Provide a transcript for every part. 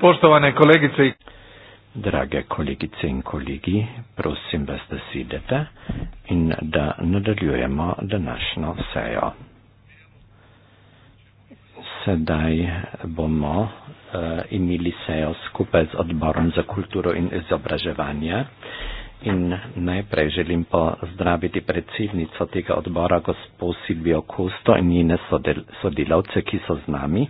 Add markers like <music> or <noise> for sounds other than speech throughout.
Poštovane kolegice i Drage kolegice in kolegi, prosim vas, da sedete in da nadaljujemo današnjo sejo. Sedaj bomo uh, imeli sejo skupaj z odborom za kulturo in izobraževanje. Uh, In najprej želim pozdraviti predsednico tega odbora, gospod Silvijo Kusto in njene sodel sodelavce, ki so z nami,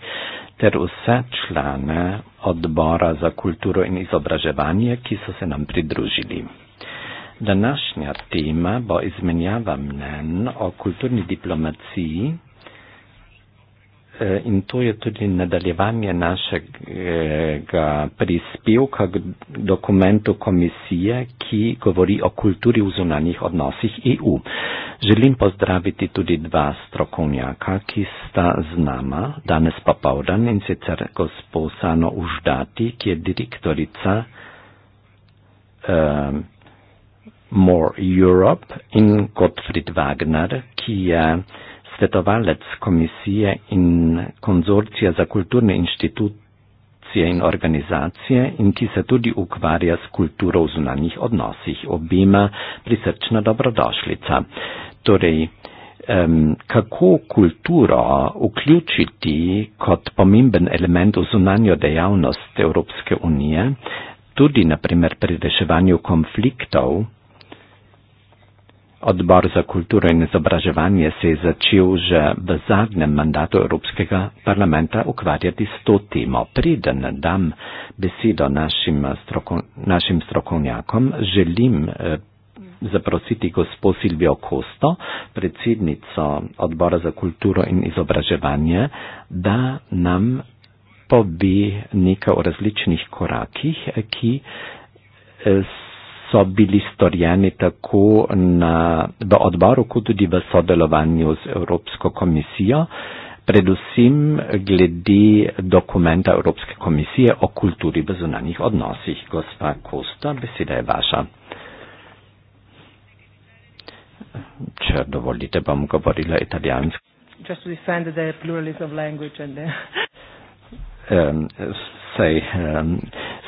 ter vse člane odbora za kulturo in izobraževanje, ki so se nam pridružili. Današnja tema bo izmenjava mnen o kulturni diplomaciji Eh, in to je tudi nadaljevanje našega prispevka k dokumentu komisije, ki govori o kulturi v zunanjih odnosih EU. Želim pozdraviti tudi dva strokovnjaka, ki sta z nama danes popovdan in sicer gospod Sano Uždati, ki je direktorica uh, More Europe in Gottfried Wagner, ki je svetovalec komisije in konzorcija za kulturne inštitucije in organizacije in ki se tudi ukvarja s kulturo v zunanjih odnosih. Obima prisrčna dobrodošlica. Torej, um, kako kulturo vključiti kot pomemben element v zunanjo dejavnost Evropske unije, tudi naprimer pri reševanju konfliktov, Odbor za kulturo in izobraževanje se je začel že v zadnjem mandatu Evropskega parlamenta ukvarjati s to temo. Preden dam besedo našim, strokov, našim strokovnjakom, želim eh, zaprositi gospod Silvijo Kosto, predsednico Odbora za kulturo in izobraževanje, da nam pobi nekaj o različnih korakih, ki eh, so bili storjeni tako na, v odboru, kot tudi v sodelovanju z Evropsko komisijo, predvsem glede dokumenta Evropske komisije o kulturi v zunanjih odnosih. Gospa Kosta, beseda je vaša. Če dovolite, bom govorila italijansko. Um, sej, um,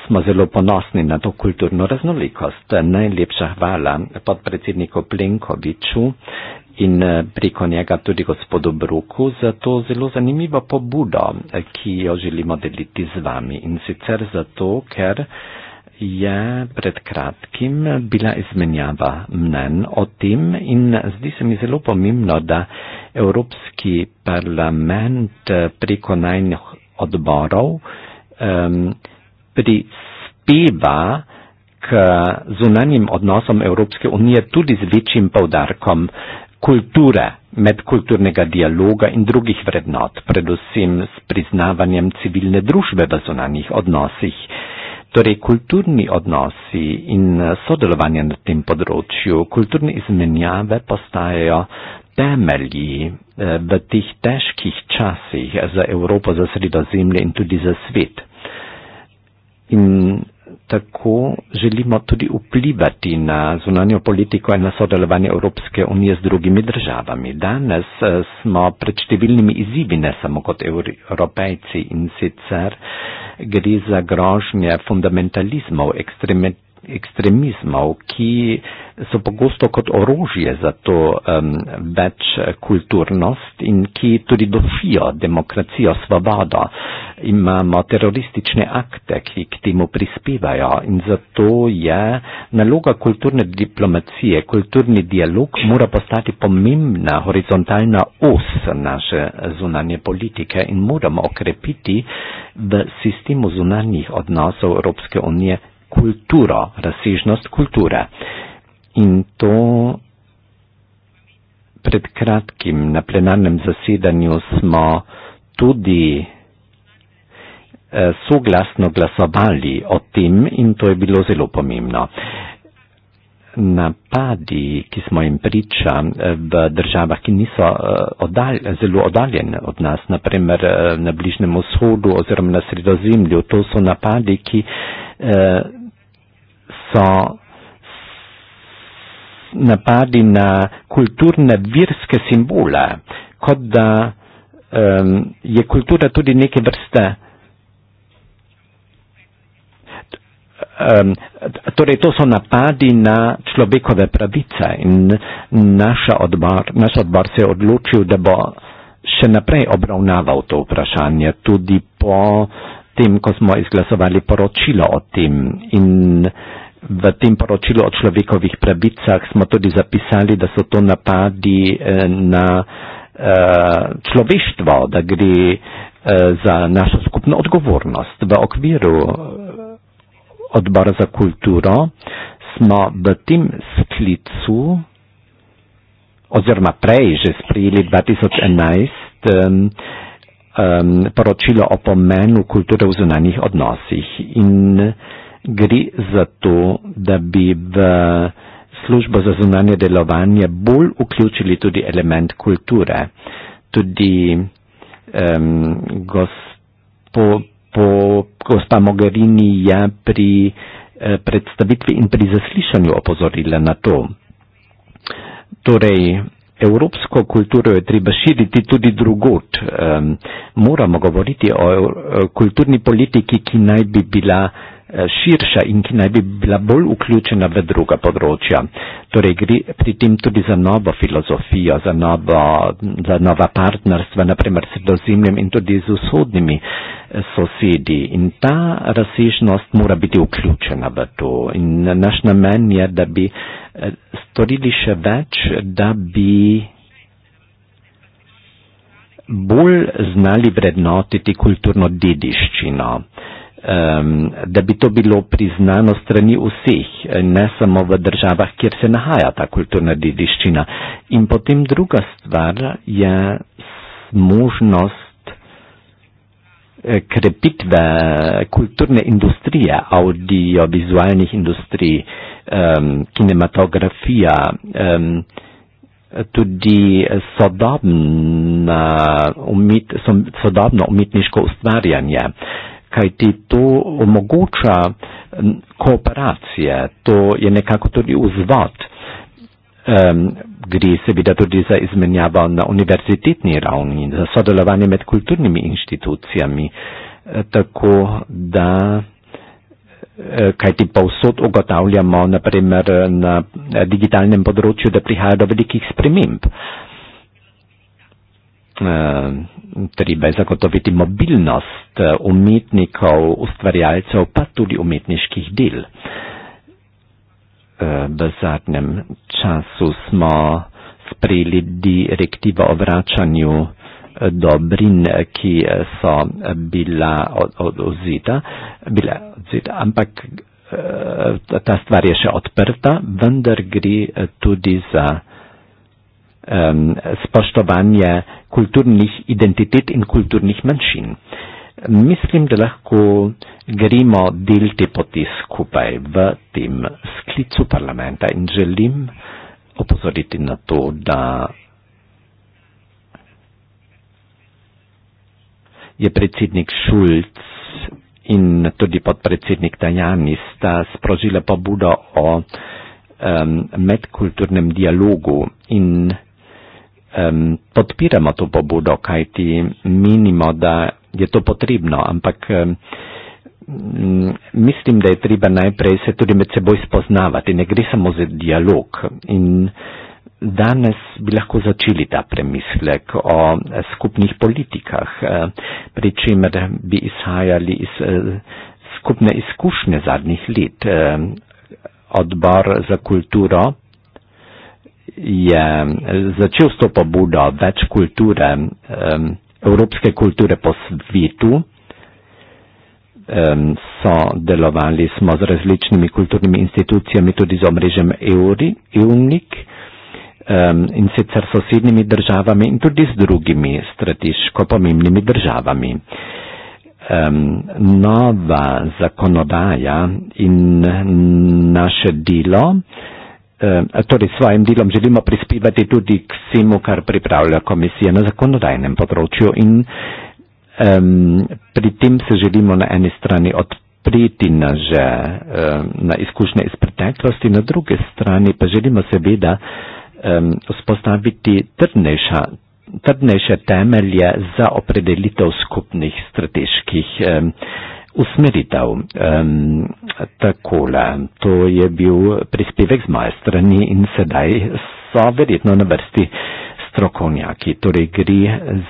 smo zelo ponosni na to kulturno raznolikost. Najlepša hvala podpredsedniku Plenkoviču in eh, preko njega tudi gospodu Bruku za to zelo zanimivo pobudo, ki jo želimo deliti z vami. In sicer zato, ker je pred kratkim bila izmenjava mnen o tem in zdi se mi zelo pomembno, da Evropski parlament eh, preko najnih odborov um, prispeva k zunanjim odnosom Evropske unije tudi z večjim povdarkom kulture, medkulturnega dialoga in drugih vrednot, predvsem s priznavanjem civilne družbe v zunanjih odnosih. Torej kulturni odnosi in sodelovanje na tem področju, kulturne izmenjave postajajo temelji eh, v teh težkih časih za Evropo, za sredozemlje in tudi za svet in tako želimo tudi vplivati na zunanjo politiko in na sodelovanje Evropske unije z drugimi državami. Danes eh, smo pred številnimi izzivi, ne samo kot evropejci in sicer gre za grožnje fundamentalizmov, ekstremizmov, ki so pogosto kot orožje za to um, večkulturnost in ki tudi dofijo demokracijo, svobodo. Imamo teroristične akte, ki k temu prispevajo in zato je naloga kulturne diplomacije, kulturni dialog mora postati pomembna horizontalna os naše zunanje politike in moramo okrepiti v sistemu zunanjih odnosov Evropske unije kulturo, razsežnost kulture. In to pred kratkim na plenarnem zasedanju smo tudi eh, soglasno glasovali o tem in to je bilo zelo pomembno. Napadi, ki smo jim priča eh, v državah, ki niso eh, odal, zelo odaljene od nas, naprimer na Bližnem vzhodu oziroma na Sredozemlju, to so napadi, ki so napadi na kulturna virske simbola, kot da um, je kultura tudi neke vrste. Um, torej, to so napadi na človekove pravice in odbor, naš odbor se je odločil, da bo še naprej obravnaval to vprašanje, tudi po tem, ko smo izglasovali poročilo o tem. In, v tem poročilu o človekovih pravicah smo tudi zapisali, da so to napadi eh, na eh, človeštvo, da gre eh, za našo skupno odgovornost. V okviru odbora za kulturo smo v tem sklicu oziroma prej že sprijeli 2011 um, um, poročilo o pomenu kulture v zunanjih odnosih in uh, gre za to, da bi v službo za zunanje delovanje bolj vključili tudi element kulture. Tudi um, gospo, po, gospa Mogherini je pri eh, predstavitvi in pri zaslišanju opozorila na to. Torej, evropsko kulturo je treba širiti tudi drugot. Um, moramo govoriti o, o kulturni politiki, ki naj bi bila Eh, širša in ki naj bi bila bolj vključena v druga področja. Torej gre pri tem tudi za novo filozofijo, za, novo, za nova partnerstva, naprimer s sredozemljem in tudi z vzhodnimi eh, sosedi. In ta razsežnost mora biti vključena v to. In naš namen je, da bi eh, storili še več, da bi bolj znali vrednotiti kulturno dediščino. Uh, um, da bi to bilo priznano strani vseh, ne samo v državah, kjer se nahaja ta kulturna dediščina. In potem druga stvar je možnost e, krepitve kulturne industrije, audiovizualnih industrij, um, kinematografija. Um, tudi sodobna umet, sodobno umetniško ustvarjanje. Uh, kaj ti to omogoča kooperacije, to je nekako tudi vzvod, um, gre seveda tudi za izmenjavo na univerzitetni ravni, za sodelovanje med kulturnimi inštitucijami, eh, tako da eh, kaj ti povsod ugotavljamo, naprimer na eh, digitalnem področju, da prihaja do velikih sprememb. Eh, treba je zagotoviti mobilnost eh, umetnikov, ustvarjalcev, pa tudi umetniških del. Eh, v zadnjem času smo sprejeli direktivo o vračanju dobrin, ki so bila odzita, bila odzita ampak ta stvar je še odprta, vendar gre tudi za ähm, spoštovanje kulturnih identitet in kulturnih manjšin. Mislim, da lahko gremo del te poti skupaj v tem sklicu parlamenta in želim opozoriti na to, da je predsednik Šulc in tudi podpredsednik Tajani sta sprožila pobudo o um, medkulturnem dialogu in um, podpiramo to pobudo, kajti menimo, da je to potrebno, ampak um, mislim, da je treba najprej se tudi med seboj spoznavati, ne gre samo za dialog. In danes bi lahko začeli ta premislek o skupnih politikah, e, pri čemer bi izhajali iz e, skupne izkušnje zadnjih let. E, odbor za kulturo je začel s to pobudo več kulture, um, evropske kulture po svetu. Um, so delovali smo z različnimi kulturnimi institucijami, tudi z omrežjem EUNIC um, in sicer s sosednjimi državami in tudi z drugimi strateško pomembnimi državami. Um, nova zakonodaja in naše delo. Eh, torej svojim delom želimo prispevati tudi k vsemu, kar pripravlja komisija na zakonodajnem področju in um, pri tem se želimo na eni strani odpreti na, že, um, na izkušnje iz preteklosti, na druge strani pa želimo seveda um, vzpostaviti trdnejša, trdnejše temelje za opredelitev skupnih strateških. Um, usmeritev. Um, takole, to je bil prispevek z moje strani in sedaj so verjetno na vrsti strokovnjaki. Torej gre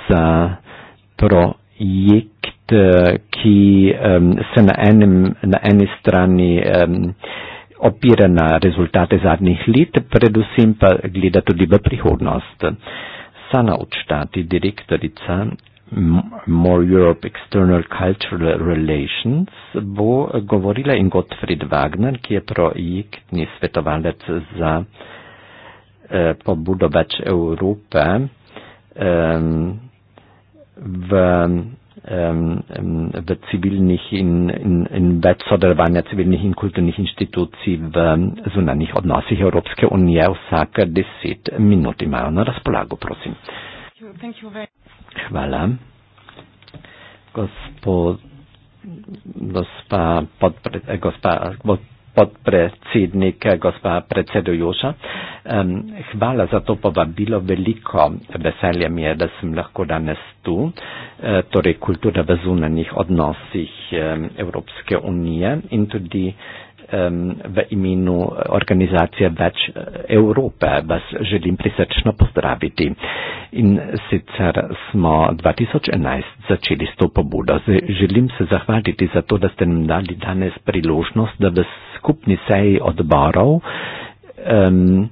za projekt, eh, ki um, se na, enem, na eni strani. Um, opira na rezultate zadnjih let, predvsem pa gleda tudi v prihodnost. Sana Učtati, direktorica more Europe external cultural relations, bo govorila in Gottfried Wagner, ki je projektni svetovalec za eh, pobudo več Evrope eh, v, eh, v civilnih in, in, in več sodelovanja civilnih in kulturnih inštitucij v zunanjih odnosih Evropske unije, vsak deset minut imajo na razpolago, prosim. Eh, Hvala. Gospod, eh, podpredsednik, eh, gospa predsedujoča. Hvala za to povabilo, veliko veselje mi je, da sem lahko danes tu, eh, torej kultura v zunanjih odnosih Evropske unije in tudi um, v imenu organizacije Več eh, Evrope. Vas želim prisrčno pozdraviti. In sicer smo 2011 začeli s to pobudo. Z želim se zahvaliti za to, da ste nam dali danes priložnost, da v skupni seji odborov um,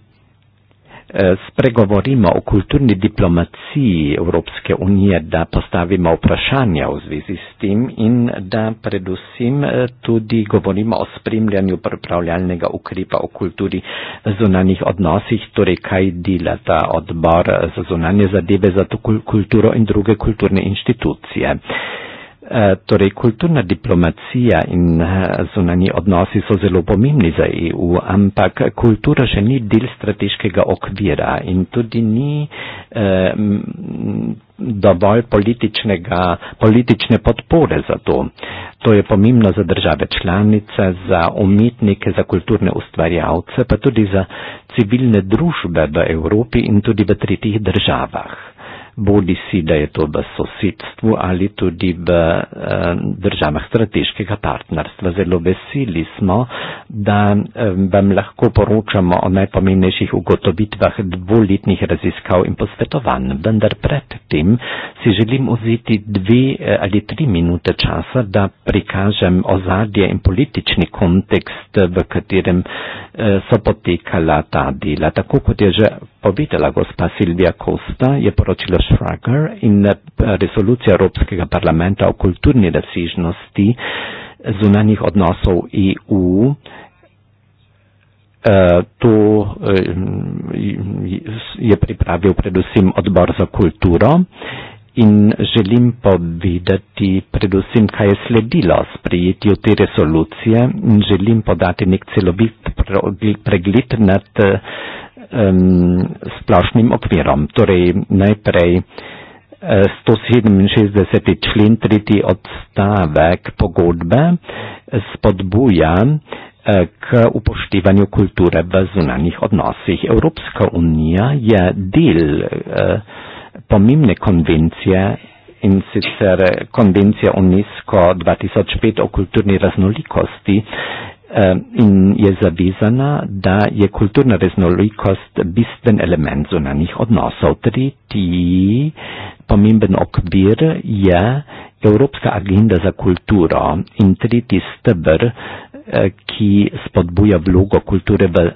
Eh, spregovorimo o kulturni diplomaciji Evropske unije, da postavimo vprašanja v zvezi s tem in da predvsem eh, tudi govorimo o spremljanju pripravljalnega ukrepa o kulturi v zunanjih odnosih, torej kaj dela ta odbor eh, za zunanje zadeve za to kulturo in druge kulturne inštitucije. Eh, torej kulturna diplomacija in eh, zunani odnosi so zelo pomembni za EU, ampak kultura še ni del strateškega okvira in tudi ni eh, dovolj politične podpore za to. To je pomembno za države članice, za umetnike, za kulturne ustvarjalce, pa tudi za civilne družbe v Evropi in tudi v tretjih državah bodi si, da je to v sosedstvu ali tudi v eh, državah strateškega partnerstva. Zelo veseli smo, da eh, vam lahko poročamo o najpomembnejših ugotovitvah dvoletnih raziskav in posvetovanj. Vendar predtem si želim vzeti dve eh, ali tri minute časa, da prikažem ozadje in politični kontekst, v katerem so potekala ta dela. Tako kot je že obitela gospa Silvia Costa je poročilo Schrager in eh, resolucija Evropskega parlamenta o kulturni razsižnosti zunanjih odnosov EU. Eh, to eh, je pripravil predvsem odbor za kulturo in želim povedati predvsem, kaj je sledilo sprijetju te resolucije in želim podati nek celovit pregled nad uh, splošnim okvirom. Torej, najprej 167. Eh, člen, tretji odstavek pogodbe spodbuja eh, k upoštevanju kulture v zunanjih odnosih. Evropska unija je del eh, pomembne konvencije in sicer konvencija UNESCO 2005 o kulturni raznolikosti, in je zavezana, da je kulturna raznolikost bistven element zunanih odnosov. Tretji pomemben okvir je Evropska agenda za kulturo in tretji stebr, eh, ki spodbuja vlogo kulture v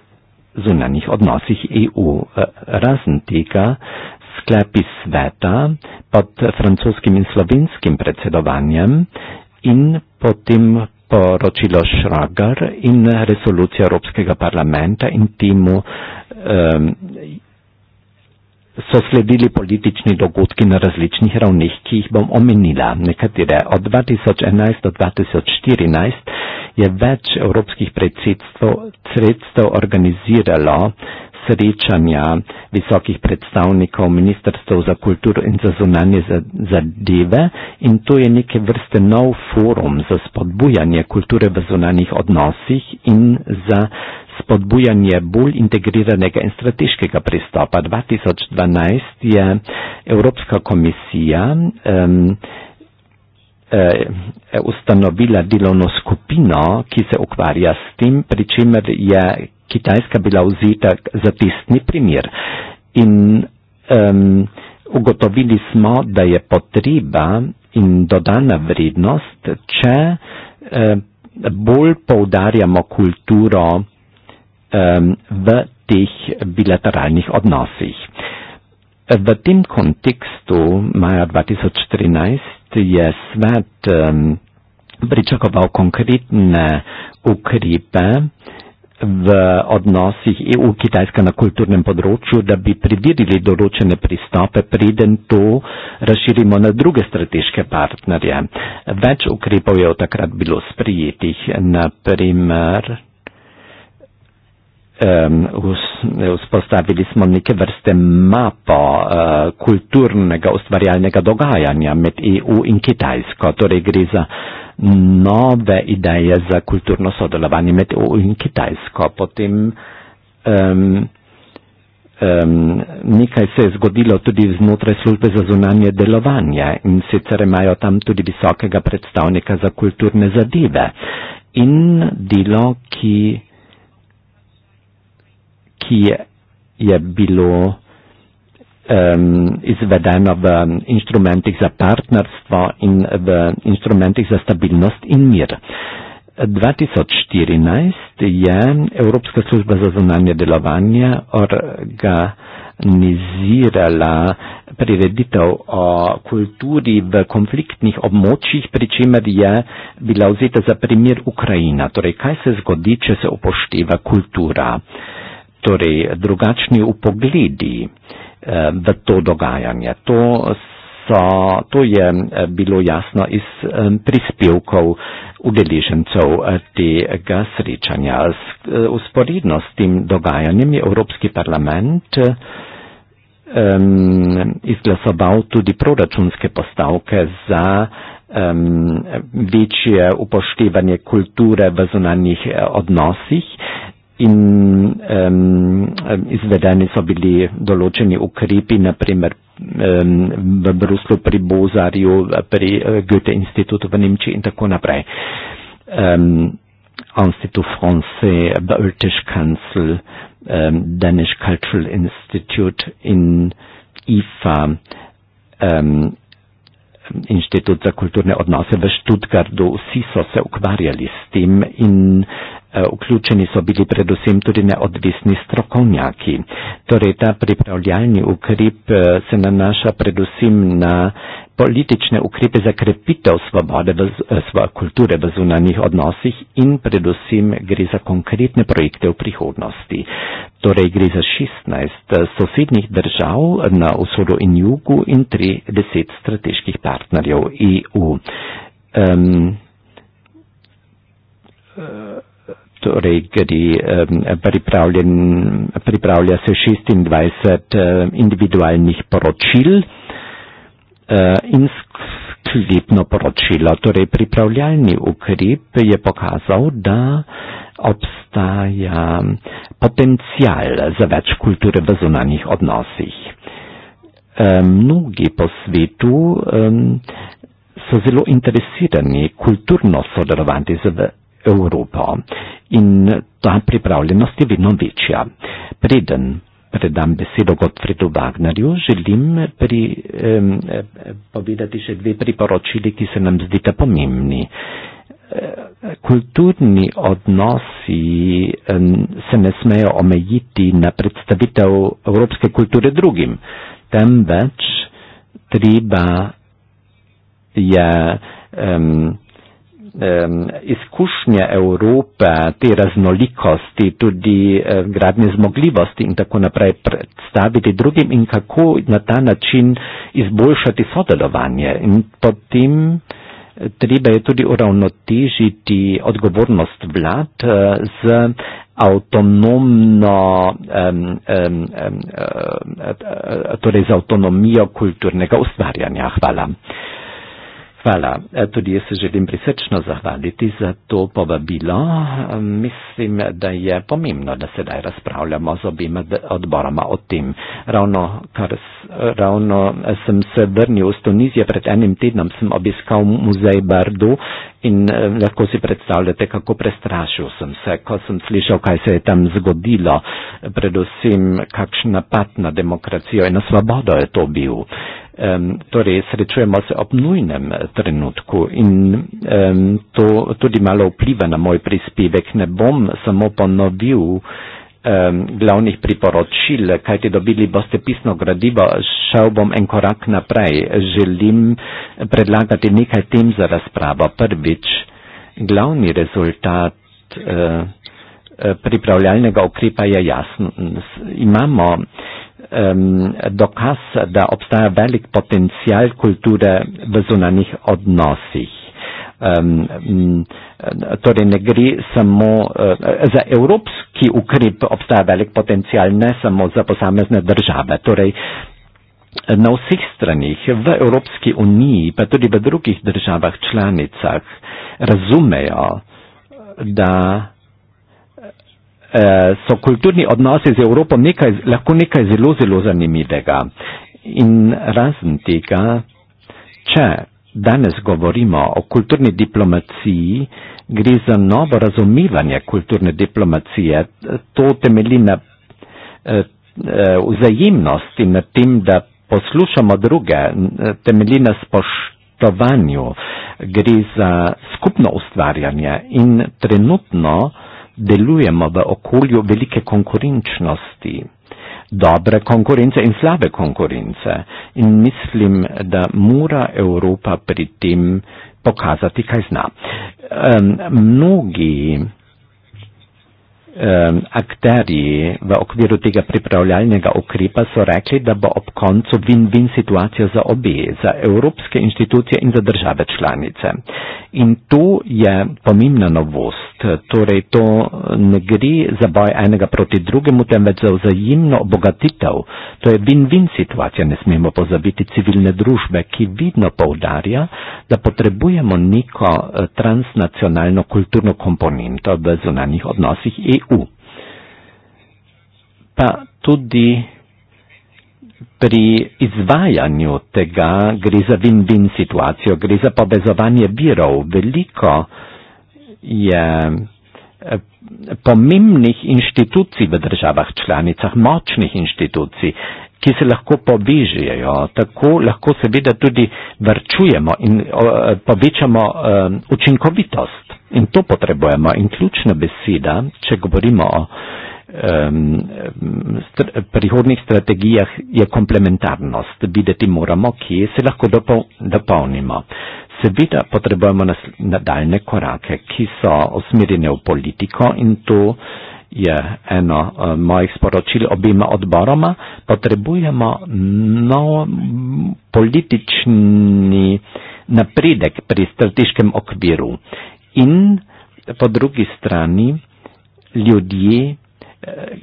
zunanih odnosih EU. Eh, razen tega sklepi sveta pod francoskim in slovenskim predsedovanjem in potem poročilo Schrager in resolucija Evropskega parlamenta in timu um, so sledili politični dogodki na različnih ravnih, ki jih bom omenila. Nekatere od 2011 do 2014 je več evropskih predsedstv organiziralo srečanja visokih predstavnikov ministrstv za kulturo in za zunanje zadeve in to je neke vrste nov forum za spodbujanje kulture v zunanjih odnosih in za spodbujanje bolj integriranega in strateškega pristopa. 2012 je Evropska komisija um, ustanovila delovno skupino, ki se ukvarja s tem, pri čemer je Kitajska bila vzita za tistni primer. In um, ugotovili smo, da je potreba in dodana vrednost, če um, bolj poudarjamo kulturo um, v teh bilateralnih odnosih. V tem kontekstu maja 2013 je svet um, pričakoval konkretne ukrepe, v odnosih EU-Kitajska na kulturnem področju, da bi pridirili določene pristope, preden to razširimo na druge strateške partnerje. Več ukrepov je od takrat bilo sprijetih, naprimer. Vzpostavili smo neke vrste mapo eh, kulturnega ustvarjalnega dogajanja med EU in Kitajsko, torej gre za nove ideje za kulturno sodelovanje med EU in Kitajsko. Potem um, um, nekaj se je zgodilo tudi znotraj službe za zunanje delovanje in sicer imajo tam tudi visokega predstavnika za kulturne zadeve in delo, ki, ki je, je bilo um, ehm, izvedena v ehm, instrumentih za partnerstvo in v instrumentih za stabilnost in mir. 2014 je Evropska služba za zunanje delovanje organizirala prireditev o kulturi v konfliktnih območjih, pri čemer je bila vzeta za primer Ukrajina. Torej, kaj se zgodi, če se upošteva kultura? Torej, drugačni upogledi. Eh, v to dogajanje. To, so, to je eh, bilo jasno iz eh, prispevkov udeležencev tega srečanja. Usporedno s tem dogajanjem je Evropski parlament um, izglasoval tudi proračunske postavke za um, večje upoštevanje kulture v zunanjih odnosih in um, izvedeni so bili določeni ukrepi, naprimer um, v Bruslu pri Bozarju, pri eh, Goethe institutu v Nemčiji in tako naprej. Um, Institut France, British Council, um, Danish Cultural Institute in IFA, um, Inštitut za kulturne odnose v Študgardu. Vsi so se ukvarjali s tem in eh, vključeni so bili predvsem tudi neodvisni strokovnjaki. Torej, ta pripravljalni ukrep eh, se nanaša predvsem na politične ukrepe za krepitev svobode v, eh, svo, kulture v zunanjih odnosih in predvsem gre za konkretne projekte v prihodnosti. Torej gre za 16 eh, sosednjih držav na vzhodu in jugu in 30 strateških partnerjev EU. Um, eh, torej gre, um, pripravlja se 26 uh, individualnih poročil uh, in sklepno poročilo. Torej, pripravljalni ukrep je pokazal, da obstaja potencial za več kulture v zunanjih odnosih. Eh, mnogi po svetu so zelo interesirani kulturno sodelovati z Evropo in ta pripravljenost je vedno večja. Preden predam torej, besedo Gotfredu Wagnerju, želim pri, eh, povedati še dve priporočili, ki se nam zdita pomembni. E, kulturni odnosi se ne smejo omejiti na predstavitev evropske kulture drugim, temveč treba je um, izkušnje Evrope, te raznolikosti, tudi eh, gradnje zmogljivosti in tako naprej predstaviti drugim in kako na ta način izboljšati sodelovanje. In potem eh, treba je tudi uravnotežiti odgovornost vlad eh, z avtonomno, torej z avtonomijo kulturnega ustvarjanja. Hvala. Hvala. E, tudi jaz se želim prisrčno zahvaliti za to povabilo. E, mislim, da je pomembno, da sedaj razpravljamo z obima odboroma o tem. Ravno, kar, ravno e, sem se vrnil v Tunizijo pred enim tednom, sem obiskal muzej Bardu in lahko si predstavljate, kako prestrašil sem se, ko sem slišal, kaj se je tam zgodilo, predvsem kakšen napad na demokracijo in na svobodo je to bil torej srečujemo se ob nujnem trenutku in um, to tudi malo vpliva na moj prispevek. Ne bom samo ponovil um, glavnih priporočil, kaj ti dobili boste pisno gradivo, šel bom en korak naprej. Želim predlagati nekaj tem za razpravo. Prvič, glavni rezultat. Uh, pripravljalnega ukrepa je jasen. Imamo uh, Ehm, dokaz, da obstaja velik potencial kulture v zunanih odnosih. Um, torej ne gre samo uh, za evropski ukrep, obstaja velik potencial, ne samo za posamezne države. Torej, na vseh stranih, v Evropski uniji, pa tudi v drugih državah članicah, razumejo, da Eh, so kulturni odnosi z Evropo nekaj, lahko nekaj zelo, zelo zanimivega. In razen tega, če danes govorimo o kulturni diplomaciji, gre za novo razumivanje kulturne diplomacije. To temelji na eh, eh, vzajemnosti, na tem, da poslušamo druge, temelji na spoštovanju, gre za skupno ustvarjanje in trenutno delujemo v okolju velike konkurenčnosti, dobre konkurence in slabe konkurence. In mislim, da mora Evropa pri tem pokazati, kaj zna. Um, mnogi Ehm, akterji v okviru tega pripravljalnega ukrepa so rekli, da bo ob koncu win-win situacija za obe, za evropske inštitucije in za države članice. In to je pomembna novost. Torej, to ne gre za boj enega proti drugemu, temveč za vzajemno obogatitev. To je win-win situacija, ne smemo pozabiti civilne družbe, ki vidno poudarja, da potrebujemo neko eh, transnacionalno kulturno komponento v zunanjih odnosih. EU. EU. Pa tudi pri izvajanju tega gre za win-win situacijo, gre za povezovanje virov. Veliko je eh, pomembnih inštitucij v državah članicah, močnih inštitucij, ki se lahko povežejo. Tako lahko seveda tudi vrčujemo in eh, povečamo eh, učinkovitost. In to potrebujemo. In ključna beseda, če govorimo o um, st prihodnih strategijah, je komplementarnost. Videti moramo, kje se lahko dopol dopolnimo. Seveda potrebujemo nadaljne korake, ki so usmerjene v politiko in to je eno uh, mojih sporočil obima odboroma. Potrebujemo nov politični napredek pri strateškem okviru in po drugi strani ljudje eh,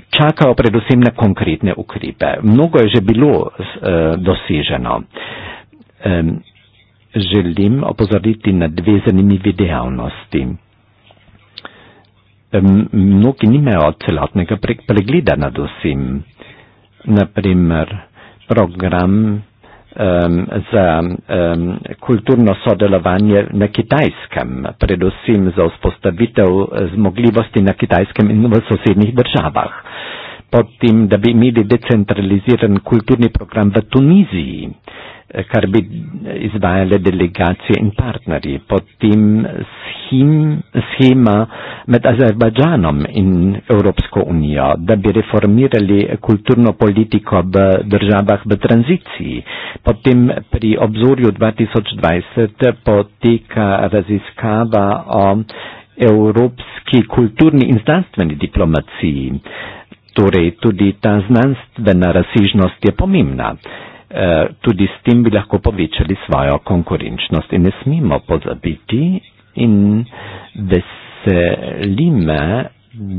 čakajo predvsem na konkretne ukrepe. Mnogo je že bilo eh, doseženo. Želim opozoriti na dve zanimivi dejavnosti. Mnogi nimajo celotnega pregleda nad vsem. Naprimer, program um, za um, kulturno sodelovanje na kitajskem, predvsem za vzpostavitev zmogljivosti na kitajskem in v sosednjih državah pod tim, da bi imeli decentraliziran kulturni program v Tuniziji, eh, kar bi eh, izvajale delegacije in partnerji, pod tim schim, schema med Azerbajdžanom in Evropsko unijo, da bi reformirali kulturno politiko v državah v tranziciji. Potem pri obzorju 2020 poteka raziskava o evropski kulturni in znanstveni diplomaciji. Torej, tudi ta znanstvena razsižnost je pomembna. Eh, tudi s tem bi lahko povečali svojo konkurenčnost in ne smemo pozabiti in veselim,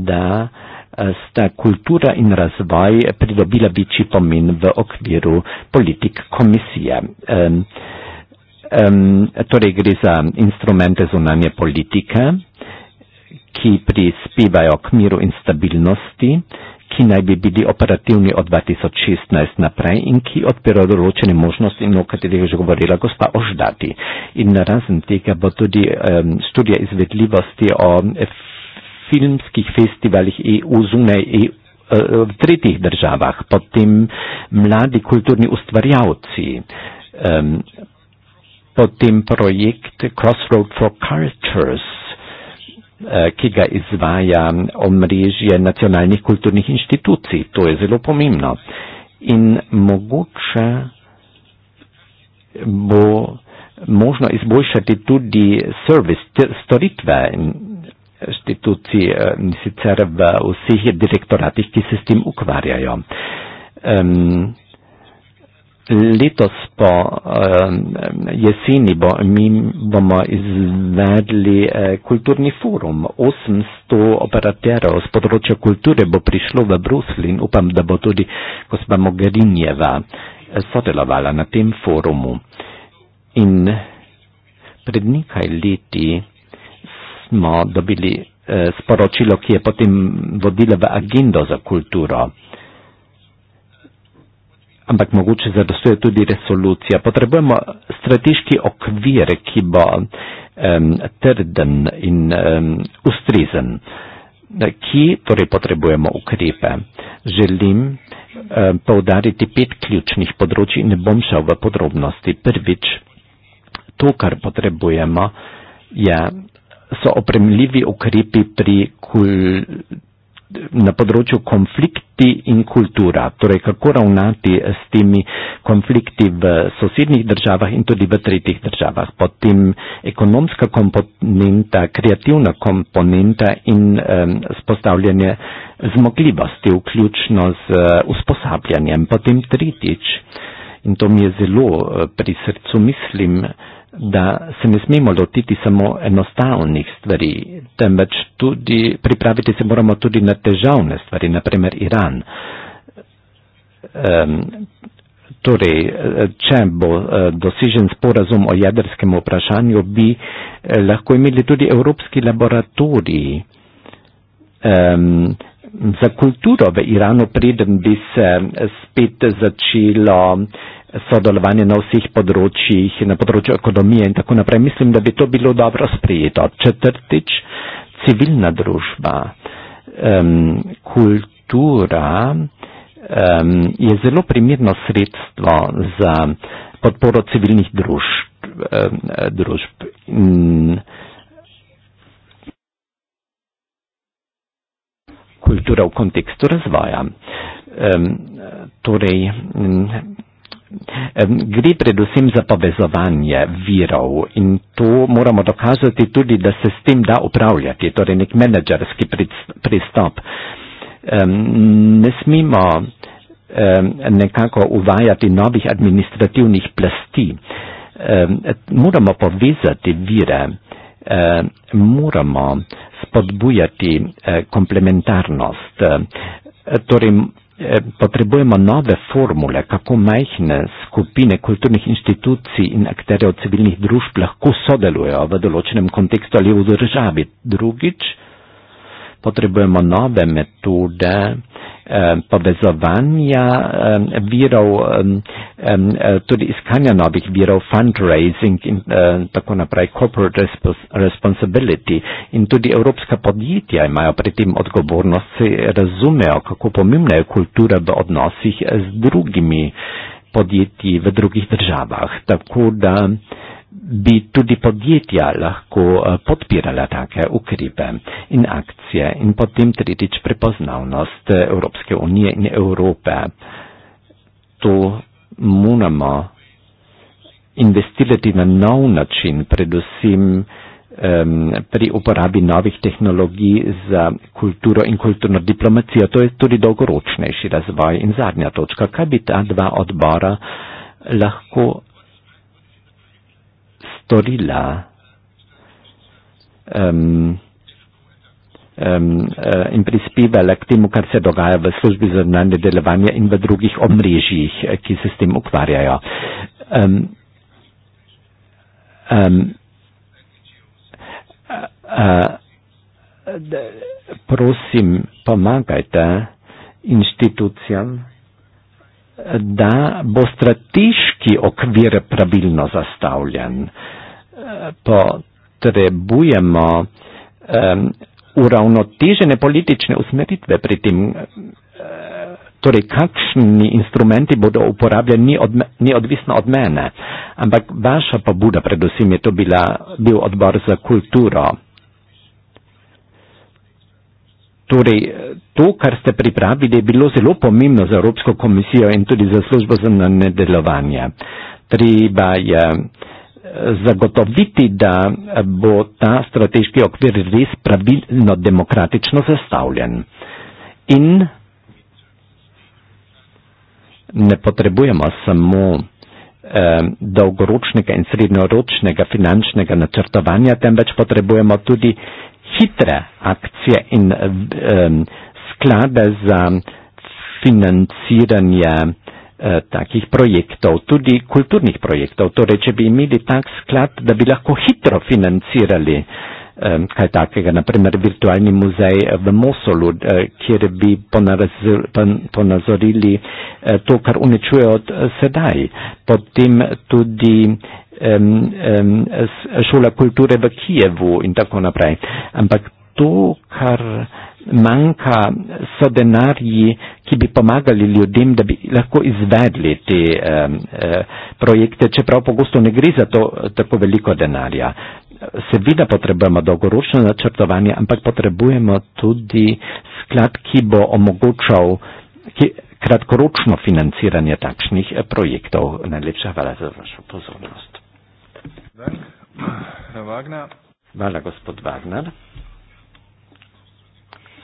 da eh, sta kultura in razvoj pridobila večji pomen v okviru politik komisije. Torej, gre za instrumente zunanje politike, ki prispevajo k miru in stabilnosti ki naj bi bili operativni od 2016 naprej in ki odpirajo določene možnosti, no, o katerih je že govorila gospa Oždati. In razen tega bo tudi um, študija izvedljivosti o filmskih festivalih EU zunaj EU e, v tretjih državah, potem mladi kulturni ustvarjavci, um, potem projekt Crossroad for Cultures, Eh, ki ga izvaja omrežje nacionalnih kulturnih inštitucij. To je zelo pomembno. In mogoče bo možno izboljšati tudi service, storitve inštitucij, eh, sicer v vseh direktoratih, ki se s tem ukvarjajo. Um, letos po uh, jeseni bo, mi bomo izvedli uh, kulturni forum. 800 operaterov z področja kulture bo prišlo v Bruslj in upam, da bo tudi gospa Mogherinjeva e, sodelovala na tem forumu. In pred nekaj leti smo dobili uh, sporočilo, ki je potem vodilo v agendo za kulturo. Uh, ampak mogoče zadostuje tudi resolucija. Potrebujemo strateški okvir, ki bo um, trden in um, ustrezen, ki torej potrebujemo ukrepe. Želim um, povdariti pet ključnih področji in ne bom šel v podrobnosti. Prvič, to, kar potrebujemo, je, so opremljivi ukrepi pri kulturi na področju konflikti in kultura, torej kako ravnati s temi konflikti v sosednjih državah in tudi v tretjih državah. Potem ekonomska komponenta, kreativna komponenta in um, spostavljanje zmogljivosti, vključno z uh, usposabljanjem. Potem tretjič, in to mi je zelo uh, pri srcu, mislim, uh, da se ne smemo lotiti samo enostavnih stvari, temveč tudi pripraviti se moramo tudi na težavne stvari, naprimer Iran. Um, torej, če bo eh, dosežen sporazum o jedrskem vprašanju, bi eh, lahko imeli tudi evropski laboratoriji um, za kulturo v Iranu, preden bi se spet začelo uh, sodelovanje na vseh področjih, na področju ekonomije in tako naprej. Mislim, da bi to bilo dobro sprejeto. Četrtič, civilna družba, um, kultura um, je zelo primirno sredstvo za podporo civilnih družb. Um, družb. Kultura v kontekstu razvoja. Um, torej, um, Gre predvsem za povezovanje virov in to moramo dokazati tudi, da se s tem da upravljati, torej nek menedžerski pristop. Ne smemo nekako uvajati novih administrativnih plasti. Moramo povezati vire, moramo spodbujati eh, komplementarnost. Eh, torej, Eh, potrebujemo nove formule, kako majhne skupine kulturnih inštitucij in akterjev civilnih družb lahko sodelujejo v določenem kontekstu ali v državi. Drugič, potrebujemo nove metode Eh, povezovanja eh, virov, eh, tudi iskanja novih virov, fundraising in tako naprej, corporate responsibility. In tudi evropska podjetja imajo pri tem odgovornost, se razumejo, kako pomembna je kultura v odnosih z drugimi podjetji v drugih državah. Tako da bi tudi podjetja lahko eh, podpirala take ukrepe in akcije in potem tretjič prepoznavnost eh, Evropske unije in Evrope. To moramo investirati na nov način, predvsem um, pri uporabi novih tehnologij za kulturo in kulturno diplomacijo. To je tudi dolgoročnejši razvoj. In zadnja točka, kaj bi ta dva odbora lahko Torilla. Um, eh, In prispevala k temu, kar se dogaja v službi za znanje delovanja in v drugih omrežjih, eh, ki se s tem ukvarjajo. Um, um, a, a, da, prosim, pomagajte inštitucijam, da bo strateški okvir pravilno zastavljen potrebujemo um, uravnotežene politične usmeritve pri tem, torej kakšni instrumenti bodo uporabljeni, ni, od, ni odvisno od mene. Ampak vaša pobuda predvsem je to bila, bil odbor za kulturo. Torej, to, kar ste pripravili, je bilo zelo pomembno za Evropsko komisijo in tudi za službo za nedelovanje. Treba je. Uh, zagotoviti, da bo ta strateški okvir res pravilno demokratično sestavljen. In ne potrebujemo samo eh, dolgoročnega in srednjeročnega finančnega načrtovanja, temveč potrebujemo tudi hitre akcije in eh, sklade za financiranje eh, Eh, takih projektov, tudi kulturnih projektov. Torej, če bi imeli tak sklad, da bi lahko hitro financirali eh, kaj takega, naprimer virtualni muzej eh, v Mosolu, kjer bi ponazorili to, kar uničuje od sedaj. Potem tudi šola kulture v Kijevu in tako naprej. Ampak to, kar manjka, so denarji, ki bi pomagali ljudem, da bi lahko izvedli te eh, projekte, čeprav pogosto ne gre za to tako veliko denarja. Seveda potrebujemo dolgoročno načrtovanje, ampak potrebujemo tudi sklad, ki bo omogočal ki, kratkoročno financiranje takšnih eh, projektov. Najlepša hvala za vašo pozornost. Hvala, gospod Wagner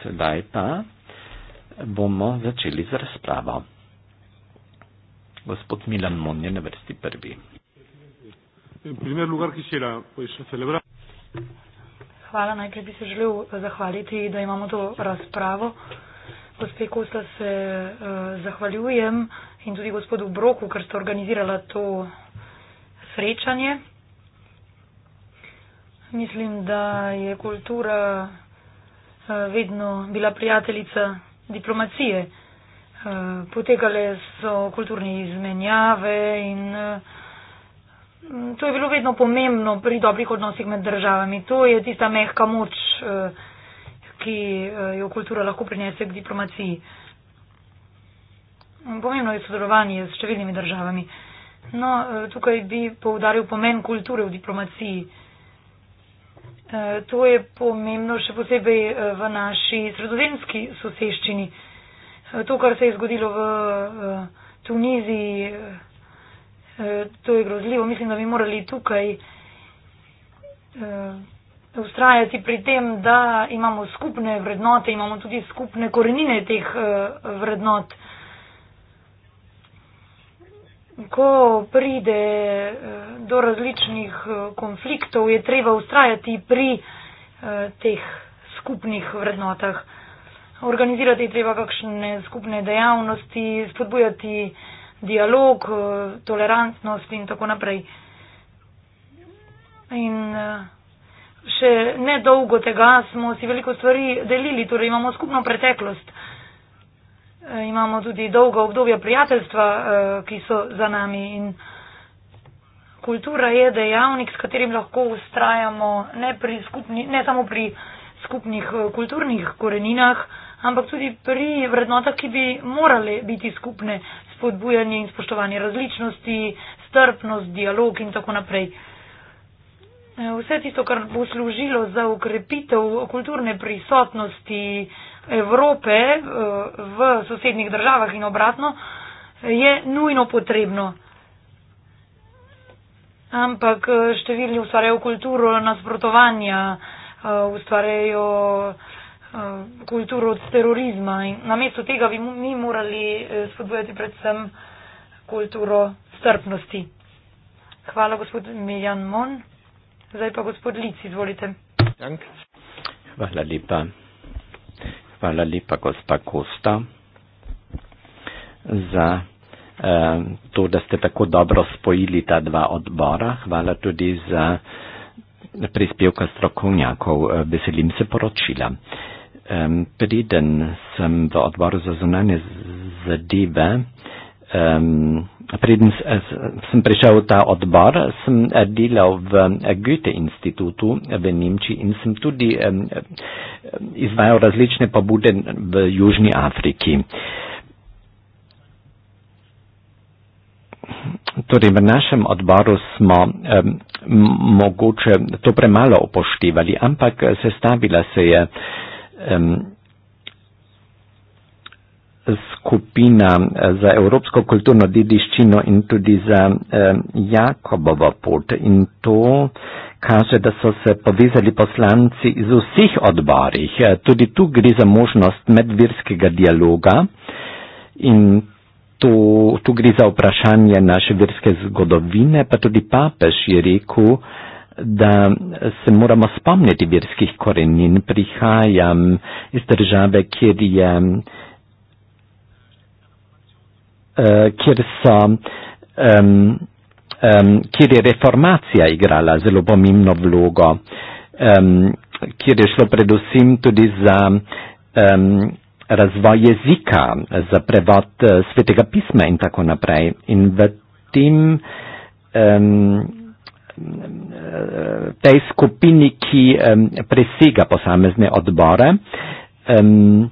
sedaj pa bomo začeli z razpravo. Gospod Milan Mon je na vrsti prvi. Hvala, najprej bi se želel zahvaliti, da imamo to razpravo. Gospe Kosta se uh, zahvaljujem in tudi gospodu Broku, ker ste organizirala to srečanje. Mislim, da je kultura Eh, vedno bila prijateljica diplomacije. Eh, potekale so kulturne izmenjave in eh, to je bilo vedno pomembno pri dobrih odnosih med državami. To je tista mehka moč, ki jo kultura lahko prinese k diplomaciji. Pomembno je sodelovanje s številnimi državami. No, tukaj bi poudaril pomen kulture v diplomaciji. Eh, to je pomembno še posebej eh, v naši sredozemski soseščini. Eh, to, kar se je zgodilo v Tuniziji, to je grozljivo. Mislim, da bi morali tukaj ustrajati pri tem, da imamo skupne vrednote, imamo tudi skupne korenine teh vrednot ko pride eh, do različnih eh, konfliktov, je treba ustrajati pri eh, teh skupnih vrednotah. Organizirati je treba kakšne skupne dejavnosti, spodbujati dialog, tolerantnost in tako naprej. In še nedolgo tega smo si veliko stvari delili, torej imamo skupno preteklost. Eh, imamo tudi dolgo obdobje prijateljstva, eh, ki so za nami in kultura je dejavnik, s katerim lahko ustrajamo ne, skupni, ne samo pri skupnih eh, kulturnih koreninah, ampak tudi pri vrednotah, ki bi morale biti skupne, spodbujanje in spoštovanje različnosti, strpnost, dialog in tako naprej. Vse tisto, kar bo služilo za ukrepitev kulturne prisotnosti, Evrope eh, v sosednjih državah in obratno, je nujno potrebno. Ampak eh, številni ustvarjajo kulturo nasprotovanja, eh, ustvarjajo kulturo terorizma in namesto tega bi mi morali spodbujati predvsem kulturo strpnosti. Hvala, gospod Miljan Mon. Zdaj pa gospod Lic, izvolite. Dank. Hvala lepa. Hvala lepa, gospa Kosta, za eh, to, da ste tako dobro spojili ta dva odbora. Hvala tudi za prispevka strokovnjakov. Eh, veselim se poročila. Eh, Preden sem v odboru za zunanje zadeve, eh, um, preden sem prišel v ta odbor, sem eh, delal v eh, Goethe institutu v Nemčiji in sem tudi um, izvajal različne pobude v Južni Afriki. Torej, v našem odboru smo um, mogoče to premalo upoštevali, ampak sestavila se je. Um, skupina eh, za evropsko kulturno dediščino in tudi za eh, Jakobovo pot. In to kaže, da so se povezali poslanci iz vseh odborih. Eh, tudi tu gre za možnost medvirskega dialoga in to, tu gre za vprašanje naše virske zgodovine, pa tudi papež je rekel, da se moramo spomniti virskih korenin. Prihajam iz države, kjer je Eh, kjer so, um, um, kjer je reformacija igrala zelo pomembno vlogo, um, kjer je šlo predvsem tudi za um, razvoj jezika, za prevod eh, svetega pisma in tako naprej. In v tem, um, tej skupini, ki um, presega posamezne odbore, um,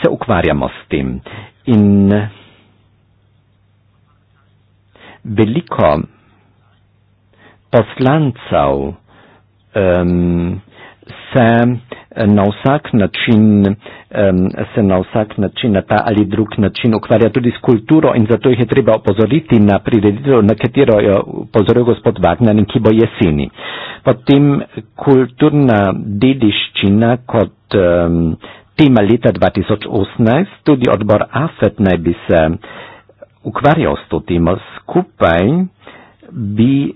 se ukvarjamo s tem. In, veliko poslancev um, se na vsak način, um, se na vsak način, na ta ali drug način ukvarja tudi s kulturo in zato jih je treba opozoriti na prireditev, na katero je opozoril gospod Wagner in ki bo jeseni. Potem kulturna dediščina kot um, tema leta 2018, tudi odbor AFET naj bi se ukvarjal s to temo, skupaj bi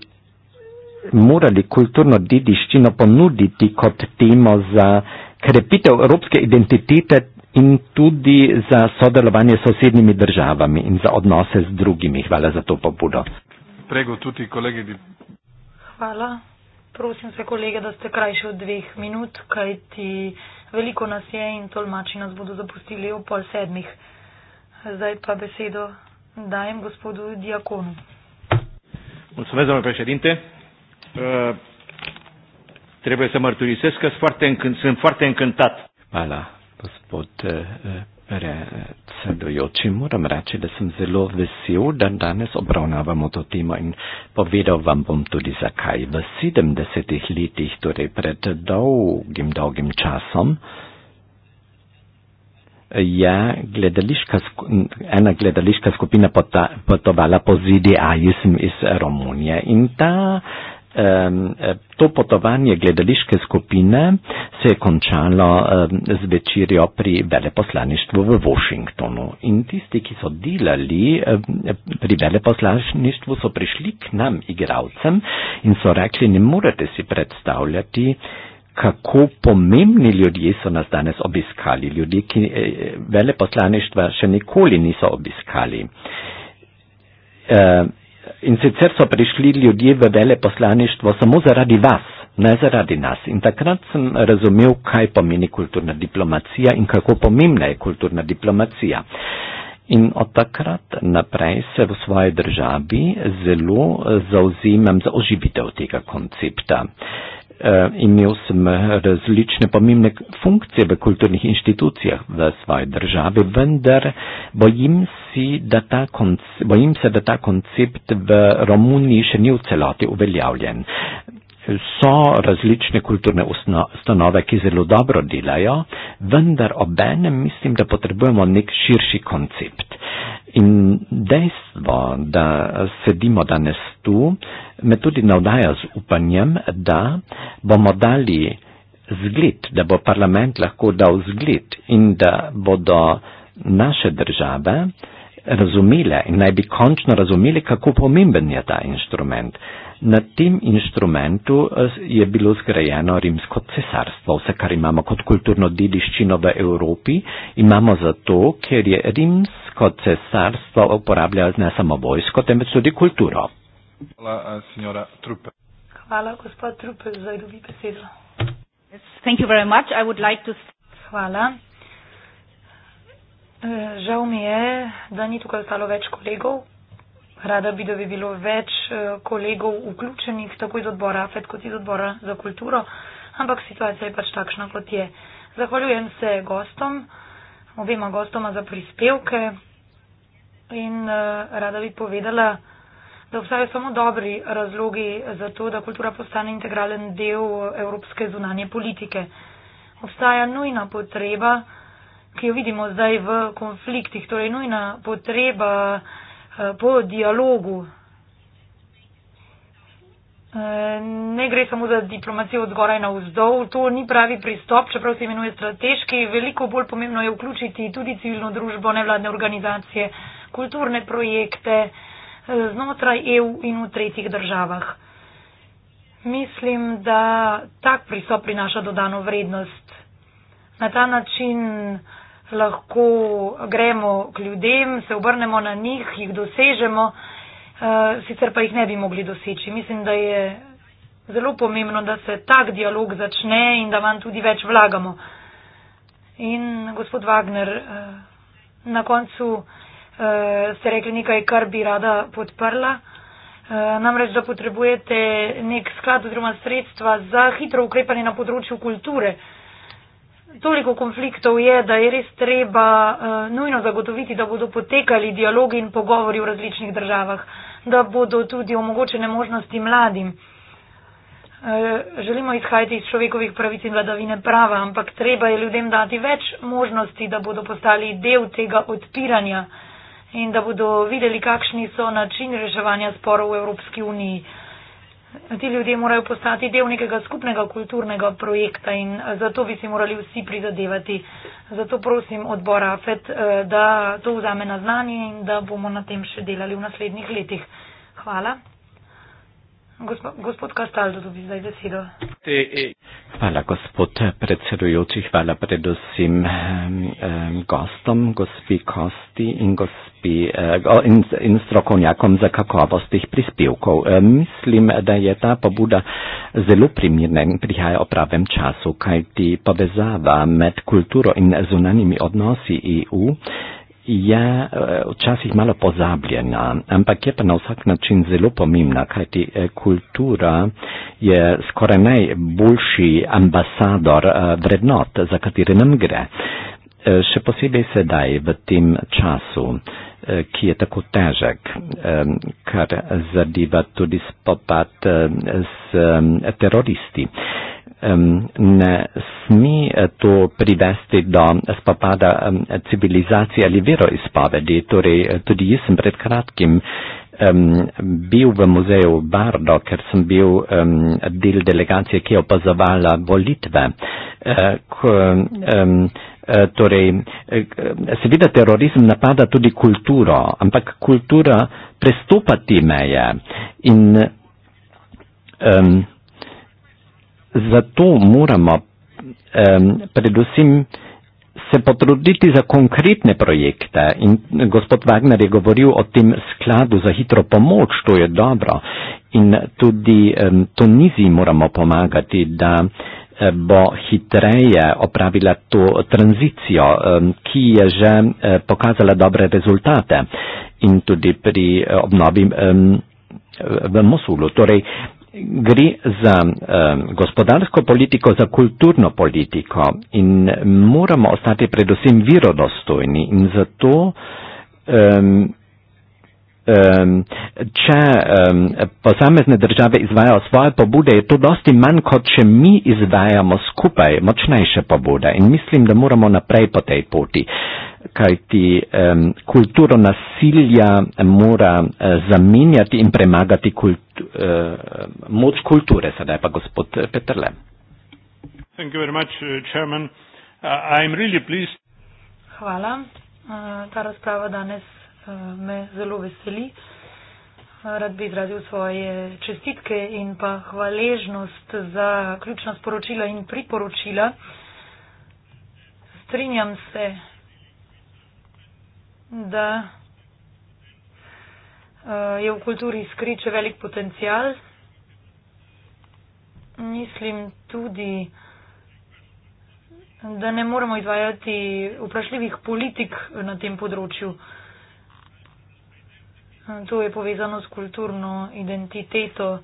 morali kulturno dediščino ponuditi kot temo za krepitev evropske identitete in tudi za sodelovanje s sosednjimi državami in za odnose z drugimi. Hvala za to pobudo. Prego tudi kolegi. Hvala. Prosim se, kolege, da ste krajši od dveh minut, kajti veliko nas je in tolmači nas bodo zapustili o pol sedmih. Zdaj pa besedo dajem gospodu Diakonu. Mulțumesc, domnule președinte. Uh, trebuie să mărturisesc că sunt foarte, înc- sunt foarte încântat. Ala, gospod uh, Sandujoči, moram reči, da sem zelo vesel, da danes obravnavamo to temo in povedal vam bom tudi zakaj. V 70 letih, torej pred dolgim, dolgim časom, je ja, gledališka, ena gledališka skupina pota, potovala po ZDA, jaz sem iz Romunije. In ta, um, to potovanje gledališke skupine se je končalo um, z večerjo pri veleposlaništvu v Washingtonu. In tisti, ki so delali um, pri veleposlaništvu, so prišli k nam, igralcem, in so rekli, ne morete si predstavljati, kako pomembni ljudje so nas danes obiskali, ljudje, ki eh, veleposlaništva še nikoli niso obiskali. Eh, in sicer so prišli ljudje v veleposlaništvo samo zaradi vas, ne zaradi nas. In takrat sem razumel, kaj pomeni kulturna diplomacija in kako pomembna je kulturna diplomacija. In od takrat naprej se v svoji državi zelo eh, zauzemam za oživitev tega koncepta. Uh, Eh, imel sem eh, različne pomembne funkcije v kulturnih inštitucijah v svoji državi, vendar bojim, si, konce, bojim se, da ta koncept v Romuniji še ni v celoti uveljavljen. So različne kulturne ustanove, ki zelo dobro delajo, vendar obenem mislim, da potrebujemo nek širši koncept. In dejstvo, da sedimo danes tu, me tudi navdaja z upanjem, da bomo dali zgled, da bo parlament lahko dal zgled in da bodo naše države, razumele in naj bi končno razumele, kako pomemben je ta inštrument. Na tem inštrumentu eh, je bilo zgrajeno rimsko cesarstvo, vse kar imamo kot kulturno dediščino v Evropi, imamo zato, ker je rimsko cesarstvo uporabljalo ne samo vojsko, temveč tudi kulturo. Hvala, eh, signora Trupe. Hvala, gospod Trupe, za dobi besedo. Hvala. Žal mi je, da ni tukaj ostalo več kolegov. Rada bi, da bi bilo več eh, kolegov vključenih, tako iz odbora AFED kot iz odbora za kulturo, ampak situacija je pač takšna, kot je. Zahvaljujem se gostom, obema gostoma za prispevke in eh, rada bi povedala, da obstajajo samo dobri razlogi za to, da kultura postane integralen del eh, evropske zunanje politike. Obstaja nujna potreba, ki jo vidimo zdaj v konfliktih, torej nujna potreba eh, po dialogu. Eh, ne gre samo za diplomacijo od zgoraj na vzdolj, to ni pravi pristop, čeprav se imenuje strateški, veliko bolj pomembno je vključiti tudi civilno družbo, nevladne organizacije, kulturne projekte eh, znotraj EU in v tretjih državah. Mislim, da tak pristop prinaša dodano vrednost. Na ta način lahko gremo k ljudem, se obrnemo na njih, jih dosežemo, eh, sicer pa jih ne bi mogli doseči. Mislim, da je zelo pomembno, da se tak dialog začne in da vam tudi več vlagamo. In gospod Wagner, eh, na koncu eh, ste rekli nekaj, kar bi rada podprla. Namreč, da potrebujete nek sklad oziroma sredstva za hitro ukrepanje na področju kulture toliko konfliktov je, da je res treba uh, nujno zagotoviti, da bodo potekali dialogi in pogovori v različnih državah, da bodo tudi omogočene možnosti mladim. Eh, želimo izhajati iz človekovih pravic in vladavine prava, ampak treba je ljudem dati več možnosti, da bodo postali del tega odpiranja in da bodo videli, kakšni so načini reševanja sporov v Evropski uniji. Ti ljudje morajo postati del nekega skupnega kulturnega projekta in eh, zato bi si morali vsi prizadevati. Zato prosim odbora AFET, eh, da to vzame na znanje in da bomo na tem še delali v naslednjih letih. Hvala. Gospod, gospod Kastaldo dobi zdaj besedo. E. Hvala, gospod predsedujoči, hvala predvsem um, gostom, gospi Kosti in, gospi, uh, in, in strokovnjakom za kakovost teh prispevkov. Uh, mislim, da je ta pobuda zelo primirna in prihaja o pravem času, kajti povezava med kulturo in zunanimi odnosi EU je ja, eh, včasih malo pozabljena, ampak je pa na vsak način zelo pomembna, kajti eh, kultura je skoraj najboljši ambasador eh, vrednot, za katere nam gre. Še posebej sedaj v tem času, ki je tako težek, kar zadeva tudi spopad s teroristi ne smi to privesti do spopada civilizacije ali veroizpovedi. Torej, tudi jaz sem pred kratkim um, bil v muzeju Bardo, ker sem bil um, del delegacije, ki je opazovala volitve. Eh, K, um, eh, torej, eh, seveda terorizem napada tudi kulturo, ampak kultura prestopa ti meje in um, zato moramo um, predvsem se potruditi za konkretne projekte in gospod Wagner je govoril o tem skladu za hitro pomoč, to je dobro in tudi um, Tuniziji moramo pomagati, da eh, bo hitreje opravila to tranzicijo, um, ki je že um, pokazala dobre rezultate in tudi pri eh, obnovi um, v Mosulu. Torej, gre za eh, gospodarsko politiko, za kulturno politiko in moramo ostati predvsem virodostojni in zato, eh, eh, če eh, posamezne države izvajajo svoje pobude, je to dosti manj, kot če mi izvajamo skupaj močnejše pobude in mislim, da moramo naprej po tej poti kajti um, kulturo nasilja mora uh, zamenjati in premagati kulturo uh, moč kulture. Sedaj pa gospod Petrle. Eh, uh, Hvala. Eh, ta razprava danes me zelo veseli. Rad bi izrazil svoje čestitke in pa hvaležnost za ključna sporočila in priporočila. Strinjam se, da Eh, je u kulturi skriče velik potencijal. Mislim tudi, da ne moramo izvajati vprašljivih politik na tem področju. Eh, to je povezano s kulturno identiteto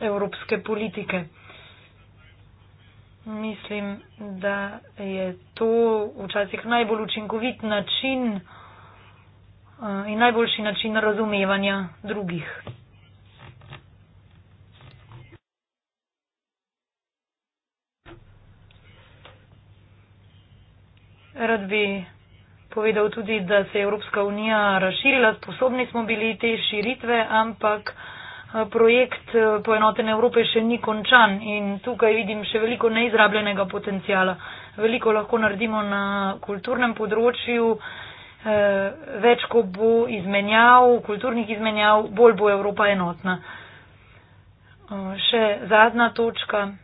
evropske politike. Mislim, da je to včasih najbolj učinkovit način, Eh, in najboljši način razumevanja drugih. Rad bi povedal tudi, da se je Evropska unija razširila, sposobni smo bili te širitve, ampak eh, projekt eh, poenotene Evrope še ni končan in tukaj vidim še veliko neizrabljenega potencijala. Veliko lahko naredimo na kulturnem področju. Eh, več ko bo izmenjav, kulturnih izmenjav, bolj bo Evropa enotna. Eh, še zadnja točka. Eh,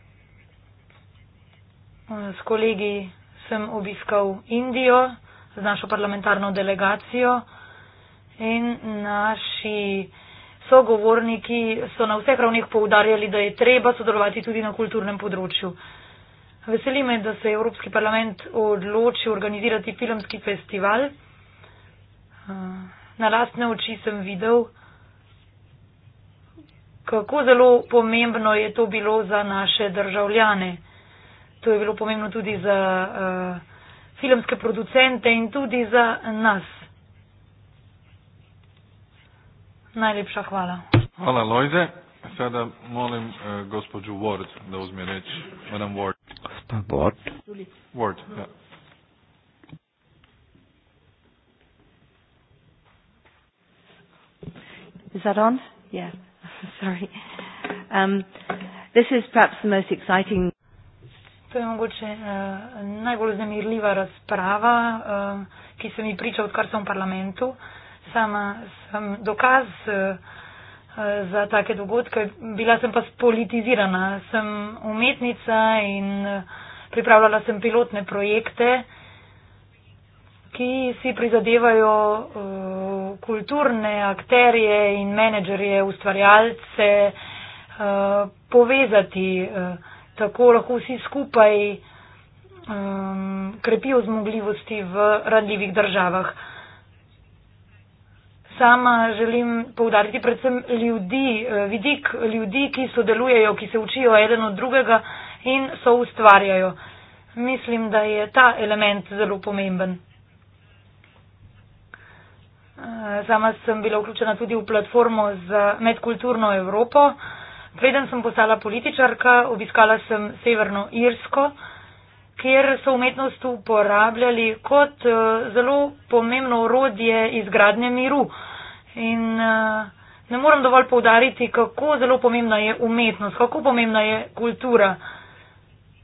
s kolegi sem obiskal Indijo z našo parlamentarno delegacijo in naši sogovorniki so na vseh ravnih poudarjali, da je treba sodelovati tudi na kulturnem področju. Veseli me, da se je Evropski parlament odločil organizirati filmski festival. Eh, na lastne oči sem videl, kako zelo pomembno je to bilo za naše državljane. To je bilo pomembno tudi za uh, filmske producente in tudi za nas. Najlepša hvala. Hvala, Lojze. Sada molim uh, gospođu Ward da uzme reč. Madam Ward. Ward. Ward, ja. Is that on? Yeah. <laughs> Sorry. Um, this is perhaps the most exciting. To je mogoče uh, najbolj zanimljiva razprava, uh, ki se mi priča, odkar sem v parlamentu. Sama sem dokaz uh, uh, za take dogodke, bila sem pa spolitizirana. Sem umetnica in uh, pripravljala sem pilotne projekte ki si prizadevajo uh, kulturne akterje in menedžerje, ustvarjalce uh, povezati, uh, tako lahko vsi skupaj um, krepijo zmogljivosti v radljivih državah. Sama želim povdariti predvsem ljudi, vidik ljudi, ki sodelujejo, ki se učijo eden od drugega in so ustvarjajo. Mislim, da je ta element zelo pomemben. Sama sem bila vključena tudi v platformo za medkulturno Evropo. Preden sem postala političarka, obiskala sem Severno Irsko, kjer so umetnost uporabljali kot eh, zelo pomembno orodje izgradnje miru. In eh, ne moram dovolj povdariti, kako zelo pomembna je umetnost, kako pomembna je kultura.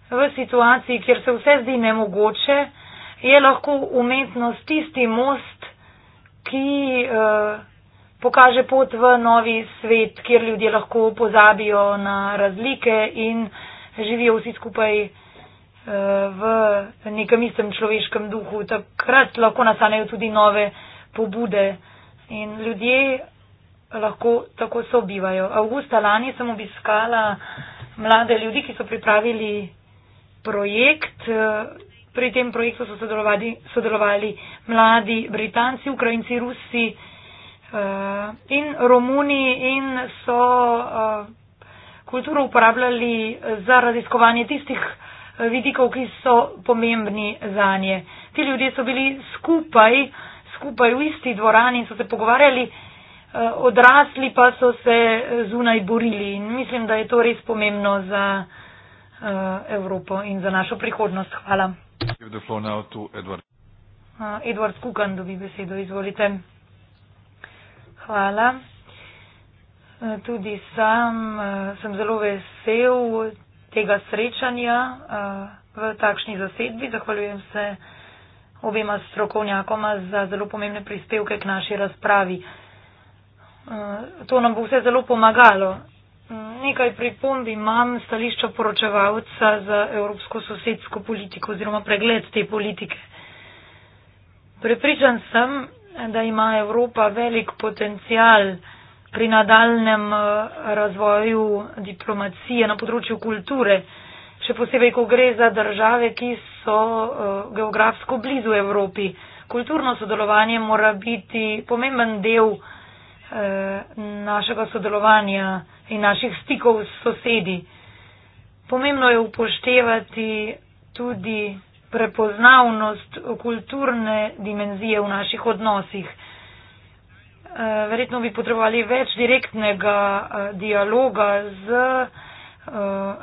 V situaciji, kjer se vse zdi nemogoče, je lahko umetnost tisti most, ki uh, pokaže pot v novi svet, kjer ljudje lahko pozabijo na razlike in živijo vsi skupaj uh, v nekem istem človeškem duhu. Takrat lahko nastanejo tudi nove pobude in ljudje lahko tako sobivajo. Augusta lani sem obiskala mlade ljudi, ki so pripravili projekt. Uh, Pri tem projektu so sodelovali, sodelovali mladi Britanci, Ukrajinci, Rusi uh, in Romuni in so uh, kulturo uporabljali za raziskovanje tistih eh, vidikov, ki so pomembni za nje. Ti ljudje so bili skupaj, skupaj v isti dvorani in so se pogovarjali, uh, odrasli pa so se zunaj borili in mislim, da je to res pomembno za uh, Evropo in za našo prihodnost. Hvala give the floor now to Edward. Edward Kukan dobi besedo, izvolite. Hvala. E, tudi sam e, sem zelo vesel tega srečanja e, v takšni zasedbi. Zahvaljujem se obema strokovnjakoma za zelo pomembne prispevke k naši razpravi. To nam bo vse zelo pomagalo nekaj pripomb imam stališča poročevalca za evropsko sosedsko politiko oziroma pregled te politike. Prepričan sem, da ima Evropa velik potencial pri nadaljem eh, razvoju diplomacije na področju kulture, še posebej, ko gre za države, ki so eh, geografsko blizu Evropi. Kulturno sodelovanje mora biti pomemben del našega sodelovanja in naših stikov s sosedi. Pomembno je upoštevati tudi prepoznavnost kulturne dimenzije v naših odnosih. Eh, verjetno bi potrebovali več direktnega eh, dialoga z eh,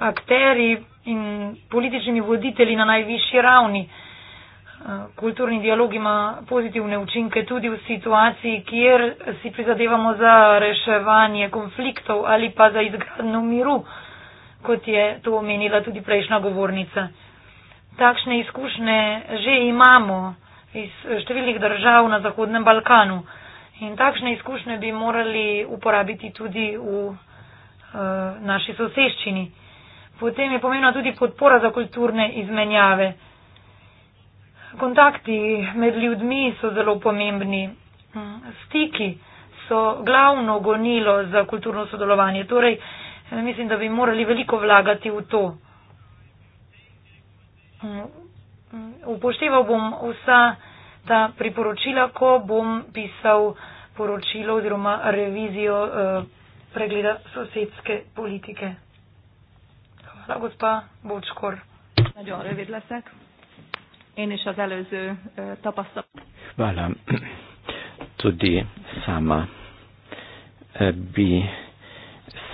akteri in političnimi voditelji na najvišji ravni kulturni dialog ima pozitivne učinke tudi v situaciji, kjer si prizadevamo za reševanje konfliktov ali pa za izgradno miru, kot je to omenila tudi prejšnja govornica. Takšne izkušnje že imamo iz številnih držav na Zahodnem Balkanu in takšne izkušnje bi morali uporabiti tudi v eh, naši soseščini. Potem je pomembna tudi podpora za kulturne izmenjave kontakti med ljudmi so zelo pomembni. Mm, stiki so glavno gonilo za kulturno sodelovanje. Torej, eh, mislim, da bi morali veliko vlagati v to. Mm, mm, upošteval bom vsa ta priporočila, ko bom pisal poročilo oziroma revizijo eh, pregleda sosedske politike. Hvala, gospa Bočkor. Na džore, vedla se én is az előző tapasztalat. Vala, tudi sama e, bi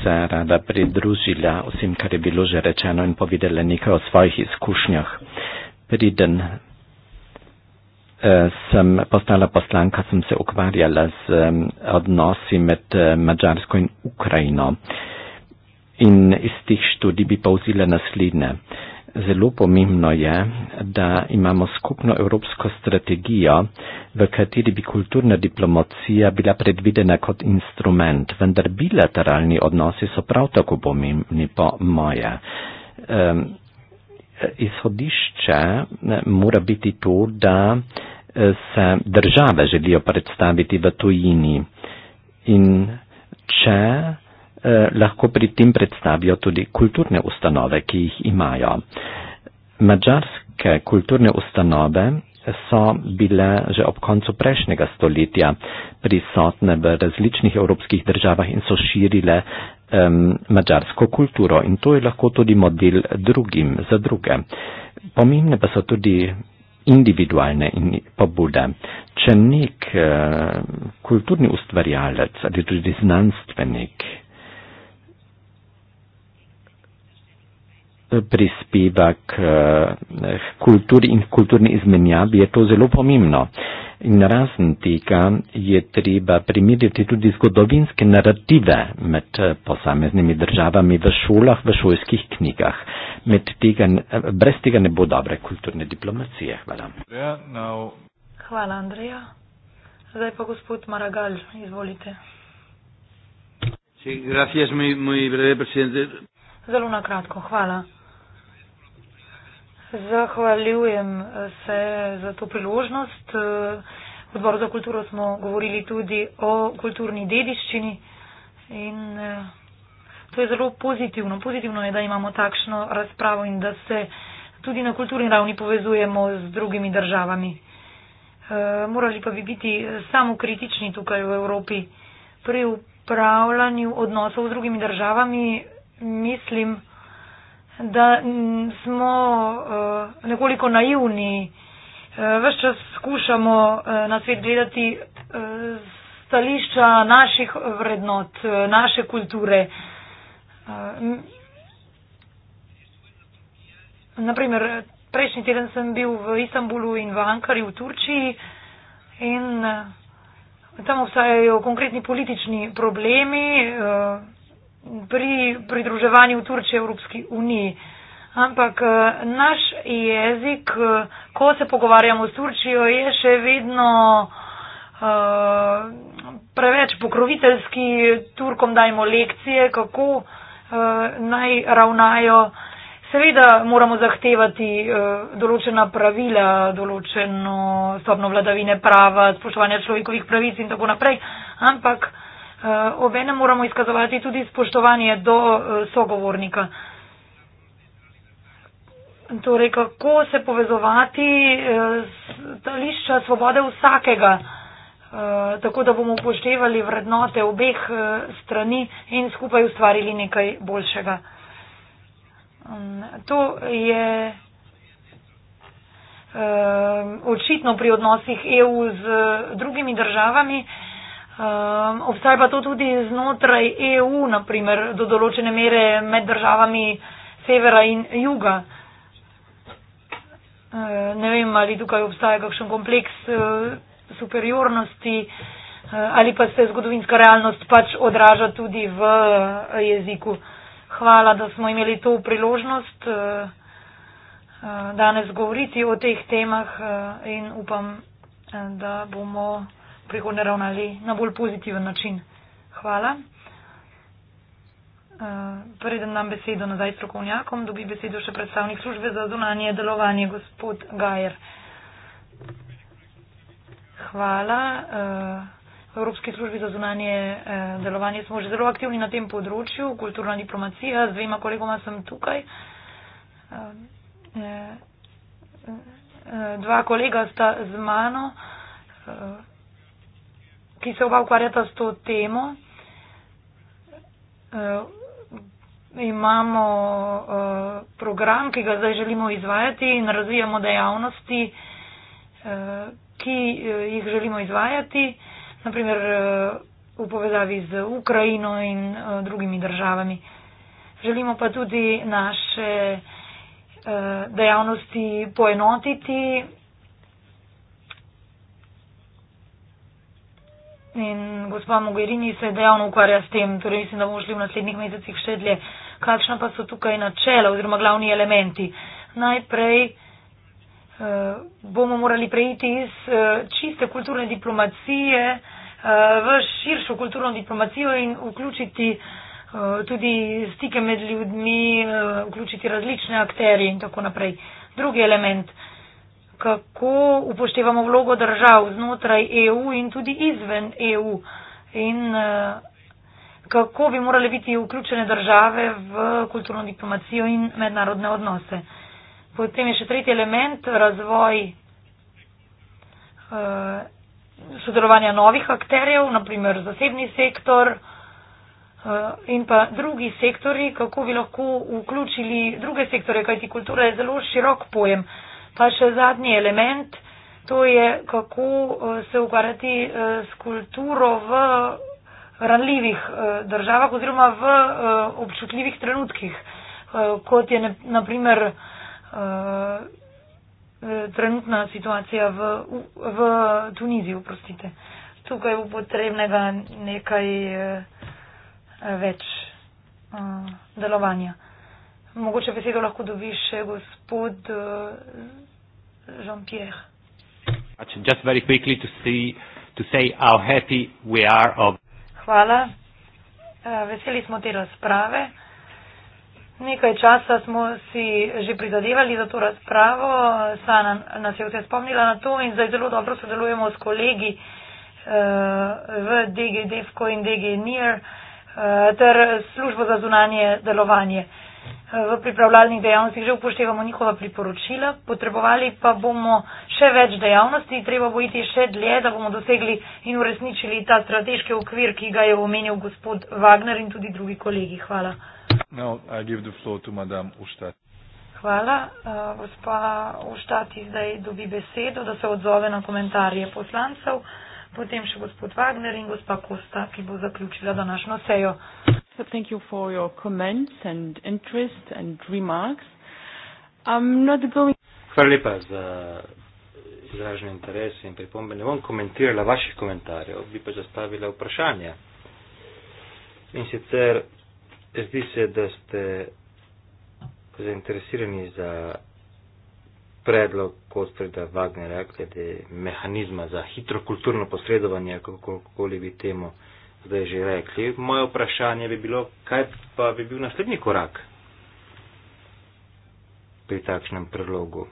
se rada pridružila vsem, kar je bilo že rečeno in povedala nekaj o svojih izkušnjah. Priden e, sem postala poslanka, sem se ukvarjala z odnosi med e, Mačarsko in Ukrajino. In iz tih študij bi povzila naslednje zelo pomembno je, da imamo skupno evropsko strategijo, v kateri bi kulturna diplomacija bila predvidena kot instrument, vendar bilateralni odnosi so prav tako pomembni po moje. Um, izhodišče mora biti to, da e, se države želijo predstaviti v tujini in če Eh, lahko pri tem predstavijo tudi kulturne ustanove, ki jih imajo. Mačarske kulturne ustanove so bile že ob koncu prejšnjega stoletja prisotne v različnih evropskih državah in so širile um, mačarsko kulturo in to je lahko tudi model drugim za druge. Pomembne pa so tudi individualne in pobude. Če nek uh, kulturni ustvarjalec ali tudi znanstvenik prispeva k, k eh, kulturi in kulturni izmenjavi, je to zelo pomembno. In razen tega je treba primerjati tudi zgodovinske narative med eh, posameznimi državami v šolah, v šolskih knjigah. Tega, eh, brez tega ne bo dobre kulturne diplomacije. Hvala. Ja, hvala, Andreja. Zdaj pa gospod Maragal, izvolite. Zelo na kratko, hvala. Zahvaljujem eh, se za to priložnost. Eh, v odboru za kulturo smo govorili tudi o kulturni dediščini in eh, to je zelo pozitivno. Pozitivno je, da imamo takšno razpravo in da se tudi na kulturni ravni povezujemo z drugimi državami. Morali pa bi biti samo kritični tukaj v Evropi. Pri upravljanju odnosov z drugimi državami mislim, da da mm, smo eh, nekoliko naivni, eh, vse čas skušamo eh, na svet gledati stališča naših vrednot, naše kulture. Naprimer, prejšnji teden sem bil v Istanbulu in v Ankari v Turčiji in tam obstajajo konkretni politični problemi pri pridruževanju Turčije Evropski uniji. Ampak eh, naš jezik, eh, ko se pogovarjamo s Turčijo, je še vedno uh, preveč pokroviteljski. Turkom dajmo lekcije, kako uh, naj ravnajo. Seveda moramo zahtevati uh, določena pravila, določeno stopno vladavine prava, spoštovanje človekovih pravic in tako naprej. Ampak uh, Eh, Obene moramo izkazovati tudi spoštovanje do eh, sogovornika. Torej, kako se povezovati z eh, tališča svobode vsakega, tako da bomo upoštevali vrednote obeh strani in skupaj ustvarili nekaj boljšega. Mm, to je očitno pri odnosih EU z drugimi državami. Um, obstaja pa to tudi znotraj EU, naprimer do določene mere med državami severa in juga. Uh, ne vem, ali tukaj obstaja kakšen kompleks uh, superiornosti uh, ali pa se zgodovinska realnost pač odraža tudi v uh, jeziku. Hvala, da smo imeli to priložnost uh, uh, danes govoriti o teh temah uh, in upam, uh, da bomo prihodnje ravnali na bolj pozitiven način. Hvala. Uh, Preden dam besedo nazaj strokovnjakom, dobi besedo še predstavnik službe za zunanje delovanje, gospod Gajer. Hvala. Uh, v Evropski službi za zunanje uh, delovanje smo že zelo aktivni na tem področju, kulturna diplomacija, z dvema kolegoma sem tukaj. Uh, uh, uh, dva kolega sta z mano. Uh, ki se oba ukvarjata s to temo. Uh, imamo uh, program, ki ga zdaj želimo izvajati in razvijamo dejavnosti, uh, ki uh, jih želimo izvajati, naprimer uh, v povezavi z Ukrajino in uh, drugimi državami. Želimo pa tudi naše uh, dejavnosti poenotiti in gospa Mogherini se dejavno ukvarja s tem, torej mislim, da bomo šli v naslednjih mesecih še dlje. Kakšna pa so tukaj načela oziroma glavni elementi? Najprej eh, bomo morali preiti iz eh, čiste kulturne diplomacije eh, v širšo kulturno diplomacijo in vključiti tudi stike med ljudmi, vključiti različne akterje in tako naprej. Drugi element kako upoštevamo vlogo držav znotraj EU in tudi izven EU in eh, kako bi morali biti vključene države v kulturno diplomacijo in mednarodne odnose. Potem je še tretji element razvoj eh, sodelovanja novih akterjev, naprimer zasebni sektor eh, in pa drugi sektori, kako bi lahko vključili druge sektore, kajti kultura je zelo širok pojem. Pa še zadnji element, to je kako eh, se ukvarjati eh, s kulturo v eh, ranljivih državah oziroma v občutljivih trenutkih, kot je naprimer trenutna situacija v, v Tuniziji, oprostite. Tukaj bo potrebnega nekaj več delovanja. Mogoče besedo lahko dobi še gospod. Jean-Pierre. Just very quickly to see to say how happy we are of Hvala. Eh, veseli smo te razprave. Nekaj časa smo si že prizadevali za to razpravo, Sana nas je vse spomnila na to in zdaj zelo dobro sodelujemo s kolegi eh, v DG DEFCO in DG NIR eh, ter službo za zunanje delovanje v pripravljalnih dejavnostih že upoštevamo njihova priporočila, potrebovali pa bomo še več dejavnosti, treba bo iti še dlje, da bomo dosegli in uresničili ta strateški okvir, ki ga je omenil gospod Wagner in tudi drugi kolegi. Hvala. Hvala. Hvala. Uh, gospa Uštat zdaj dobi besedo, da se odzove na komentarje poslancev, potem še gospod Wagner in gospa Kosta, ki bo zaključila današnjo sejo. Thank you for your comments and interest and remarks. I'm not going... Hvala lepa za izražen interes in pripombe. Ne bom komentirala vaših komentarjev, bi pa zastavila vprašanje. In sicer, zdi se, da ste zainteresirani za predlog Kostreda Wagnera glede mehanizma za hitro kulturno posredovanje, kako koli bi temu zdaj že rekli. Moje vprašanje bi bilo, kaj pa bi bil naslednji korak pri takšnem predlogu.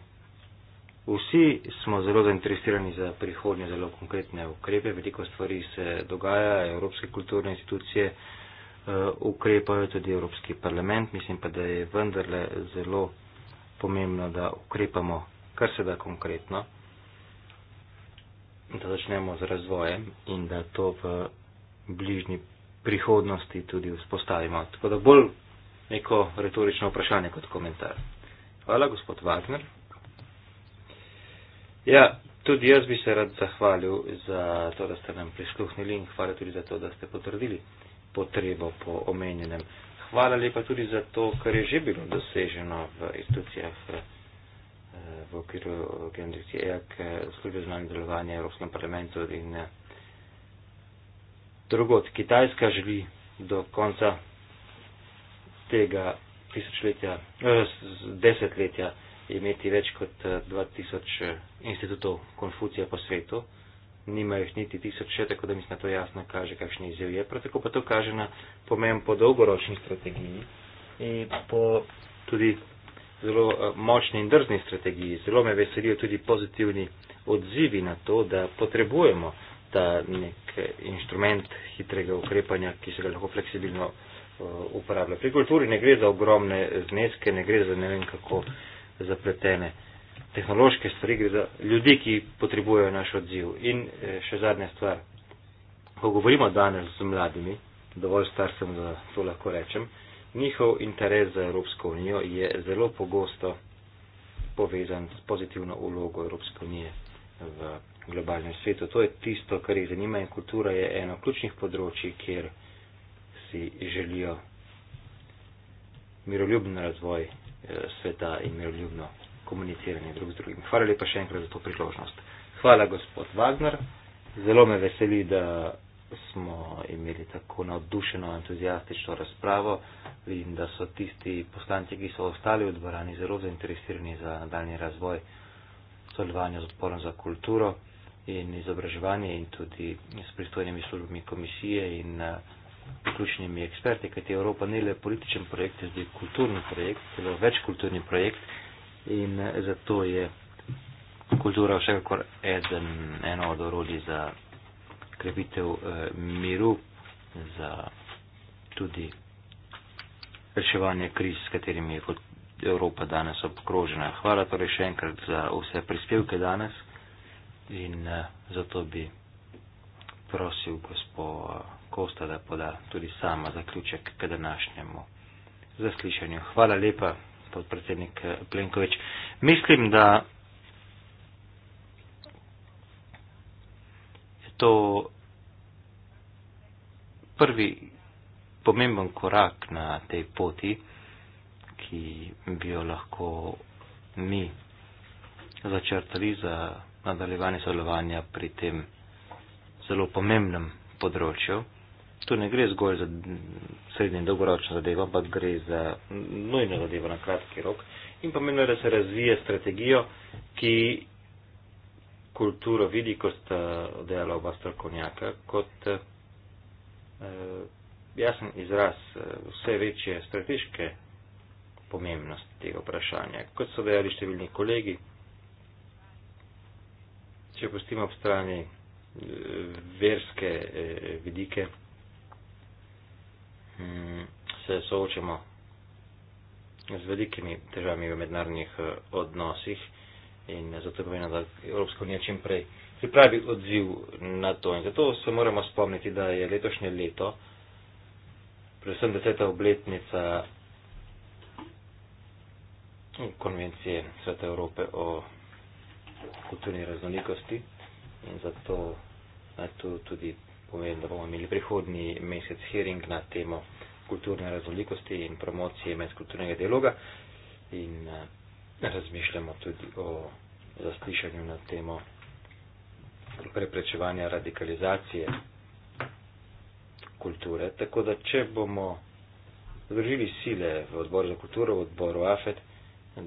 Vsi smo zelo zainteresirani za prihodnje zelo konkretne ukrepe, veliko stvari se dogaja, evropske kulturne institucije uh, ukrepajo, tudi Evropski parlament. Mislim pa, da je vendarle zelo pomembno, da ukrepamo kar se da konkretno, da začnemo z razvojem in da to v bližnji prihodnosti tudi vzpostavimo. Tako da bolj neko retorično vprašanje kot komentar. Hvala, gospod Wagner. Ja, tudi jaz bi se rad zahvalil za to, da ste nam prisluhnili in hvala tudi za to, da ste potrdili potrebo po omenjenem. Hvala lepa tudi za to, kar je že bilo doseženo v institucijah eh, v okviru Gendrici EAK, službe znanja delovanja Evropskem parlamentu in eh, drugot. Kitajska želi do konca tega tisočletja, eh, desetletja imeti več kot 2000 eh, eh, institutov Konfucija po svetu. Nima jih niti tisoč še, tako da mislim, da to jasno kaže, kakšen izjev je. Prav tako pa to kaže na pomen po dolgoročni strategiji in po tudi zelo močni in drzni strategiji. Zelo me veselijo tudi pozitivni odzivi na to, da potrebujemo ta nek inštrument hitrega ukrepanja, ki se ga lahko fleksibilno uh, uporablja. Pri kulturi ne gre za ogromne zneske, ne gre za ne vem kako zapletene tehnološke stvari, gre za ljudi, ki potrebujejo naš odziv. In eh, še zadnja stvar, ko govorimo danes z mladimi, dovolj star sem, da to lahko rečem, njihov interes za Evropsko unijo je zelo pogosto povezan s pozitivno ulogo Evropske unije v globalnem svetu. To je tisto, kar jih zanima in kultura je eno ključnih področji, kjer si želijo miroljubno razvoj eh, sveta in miroljubno komuniciranje drug z drugim. Hvala lepa še enkrat za to priložnost. Hvala, gospod Wagner. Zelo me veseli, da smo imeli tako navdušeno, entuzijastično razpravo. Vidim, da so tisti poslanci, ki so ostali v dvorani, zelo zainteresirani za nadaljni razvoj sodelovanja z odporom za kulturo in izobraževanje in tudi s pristojnimi službami komisije in eh, ključnimi eksperti, kajti Evropa ni le političen projekt, je tudi kulturni projekt, celo večkulturni projekt in eh, zato je kultura vsekakor eden, eno od orodij za krepitev eh, miru, za tudi reševanje kriz, s katerimi je kot Evropa danes obkrožena. Hvala torej še enkrat za vse prispevke danes in eh, zato bi prosil gospo eh, Kosta, da poda tudi sama zaključek k današnjemu zaslišanju. Hvala lepa, podpredsednik eh, Plenković. Mislim, da je to prvi pomemben korak na tej poti, ki bi jo lahko mi začrtali za nadaljevanje sodelovanja pri tem zelo pomembnem področju. Tu ne gre zgolj za srednjo in dolgoročno zadevo, ampak gre za nujno zadevo na kratki rok. In pomembno je, da se razvije strategijo, ki kulturo vidi, ko sta delala oba strokovnjaka, kot eh, jasen izraz eh, vse večje strateške pomembnosti tega vprašanja. Kot so dejali številni kolegi, če pustimo ob strani eh, verske eh, vidike, hm, se soočamo z velikimi težavami v mednarodnih eh, odnosih in zato je pomembno, da Evropska unija čim prej pripravi odziv na to. In zato se moramo spomniti, da je letošnje leto, predvsem deseta obletnica konvencije Sveta Evrope o kulturni raznolikosti in zato je eh, to tudi povem, da bomo imeli prihodni mesec hearing na temo kulturne raznolikosti in promocije medkulturnega dialoga in eh, razmišljamo tudi o zaslišanju na temo preprečevanja radikalizacije kulture. Tako da, če bomo združili sile v odboru za kulturo, v odboru AFED,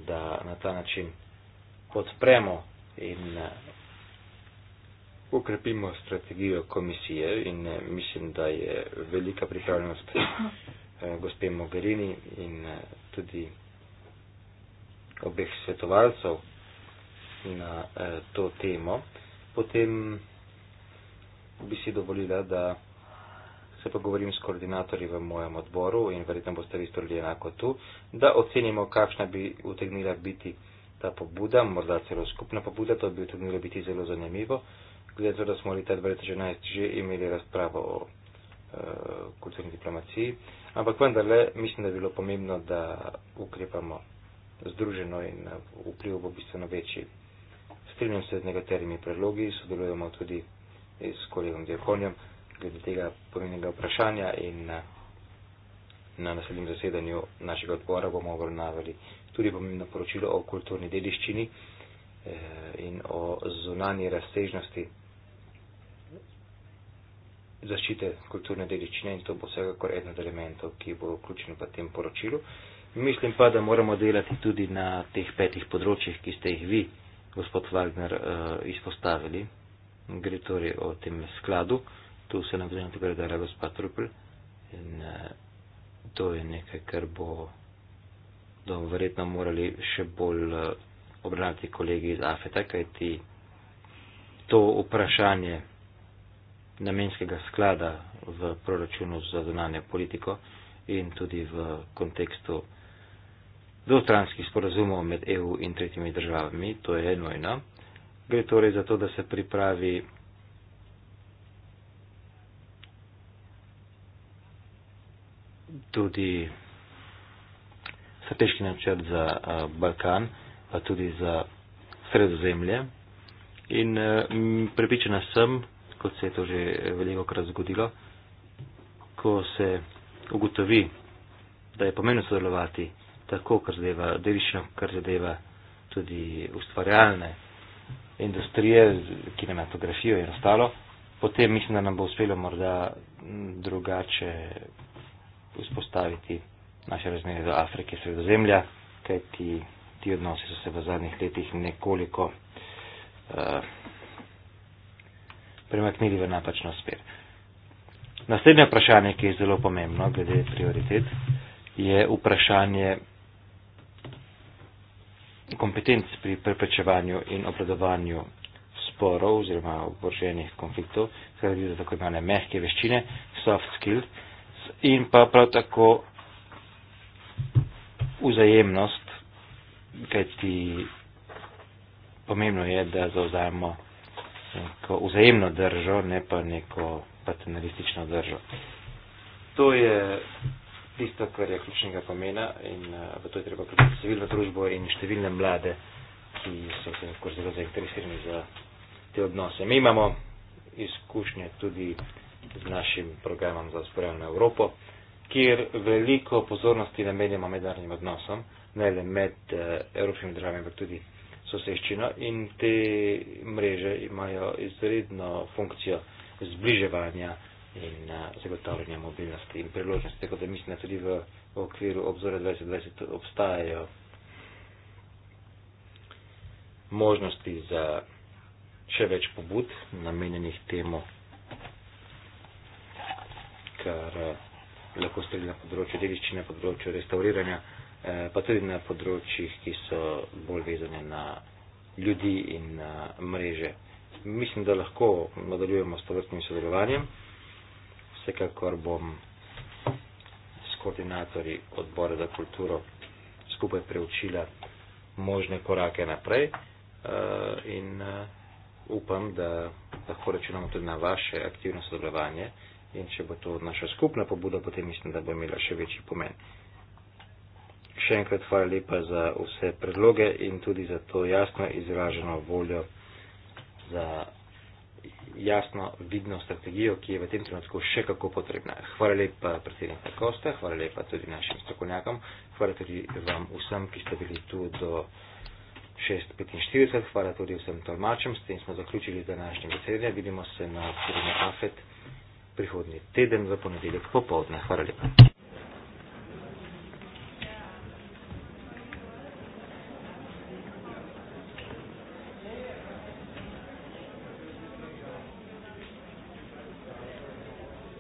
da na ta način podpremo in uh, eh, ukrepimo strategijo komisije in uh, mislim, da je velika pripravljenost uh, gospe Mogherini in uh, tudi obeh svetovalcev na uh, to temo. Potem bi si dovolila, da se pogovorim s koordinatorji v mojem odboru in verjetno boste vi storili enako tu, da ocenimo, kakšna bi utegnila biti uh, ta pobuda, morda celo skupna pobuda, to bi tudi moglo biti zelo zanimivo, glede na to, da smo leta 2011 že imeli razpravo o uh, kulturni diplomaciji. Ampak vendarle mislim, da je bilo pomembno, da ukrepamo združeno in eh, vpliv bo bistveno večji. Strinjam se z nekaterimi predlogi, sodelujemo tudi s kolegom Dirkonjem glede tega pomenjega vprašanja in eh, na naslednjem zasedanju našega odbora bomo obravnavali tudi pomembno poročilo o kulturni dediščini eh, in o zunanji razsežnosti zaščite kulturne dediščine in to bo vsekakor eden od elementov, ki bo vključen v tem poročilu. Mislim pa, da moramo delati tudi na teh petih področjih, ki ste jih vi, gospod Wagner, eh, izpostavili. Gre torej o tem skladu, tu se nam zanima tukaj dala gospod Trupl in eh, to je nekaj, kar bo da bomo verjetno morali še bolj eh, obravnati kolegi iz AFET-a, kajti to vprašanje namenskega sklada v proračunu za zunanje politiko in tudi v kontekstu dvostranskih sporazumov med EU in tretjimi državami, to je nujno. Gre torej za to, da se pripravi tudi strateški načrt za eh, Balkan, pa tudi za sredozemlje. In eh, prepričana sem, kot se je to že veliko krat zgodilo, ko se ugotovi, da je pomembno sodelovati tako, kar zadeva dediščino, kar zadeva tudi ustvarjalne industrije, kinematografijo in ostalo, potem mislim, da nam bo uspelo morda drugače vzpostaviti naše razmere do Afrike sredozemlja, kaj ti, ti odnosi so se v zadnjih letih nekoliko uh, premaknili v napačno smer. Naslednje vprašanje, ki je zelo pomembno glede prioritet, je vprašanje kompetenc pri preprečevanju in obladovanju sporov oziroma oboroženih konfliktov, skratka za tako imenovane mehke veščine, soft skills in pa prav tako vzajemnost, kajti pomembno je, da zauzajemo neko vzajemno držo, ne pa neko paternalistično držo. To je tisto, kar je ključnega pomena in eh, v to je treba vključiti civilno družbo in številne mlade, ki so se lahko zelo zainteresirani za te odnose. Mi imamo izkušnje tudi z našim programom za sporejanje na Evropo kjer veliko pozornosti namenjamo mednarodnim odnosom, ne le med uh, evropskimi državami, ampak tudi soseščino in te mreže imajo izredno funkcijo zbliževanja in uh, zagotavljanja mobilnosti in priložnosti, tako da mislim, da tudi v, v okviru obzora 2020 obstajajo možnosti za še več pobud namenjenih temu, kar. Uh, lahko strelili na področju dediščine, na področju restauriranja, eh, pa tudi na področjih, ki so bolj vezane na ljudi in na mreže. Mislim, da lahko nadaljujemo s tovrstnim sodelovanjem. Vsekakor bom s koordinatorji odbora za kulturo skupaj preučila možne korake naprej eh, in eh, upam, da lahko računamo tudi na vaše aktivno sodelovanje. In če bo to naša skupna pobuda, potem mislim, da bo imela še večji pomen. Še enkrat hvala lepa za vse predloge in tudi za to jasno izraženo voljo za jasno vidno strategijo, ki je v tem trenutku še kako potrebna. Hvala lepa predsednika Kosta, hvala lepa tudi našim strokovnjakom, hvala tudi vam vsem, ki ste bili tu do 6.45, hvala tudi vsem tolmačem. S tem smo zaključili današnje besedje. Vidimo se na prvem afet prihodnji teden v ponedeljek popovdne. Hvala lepa.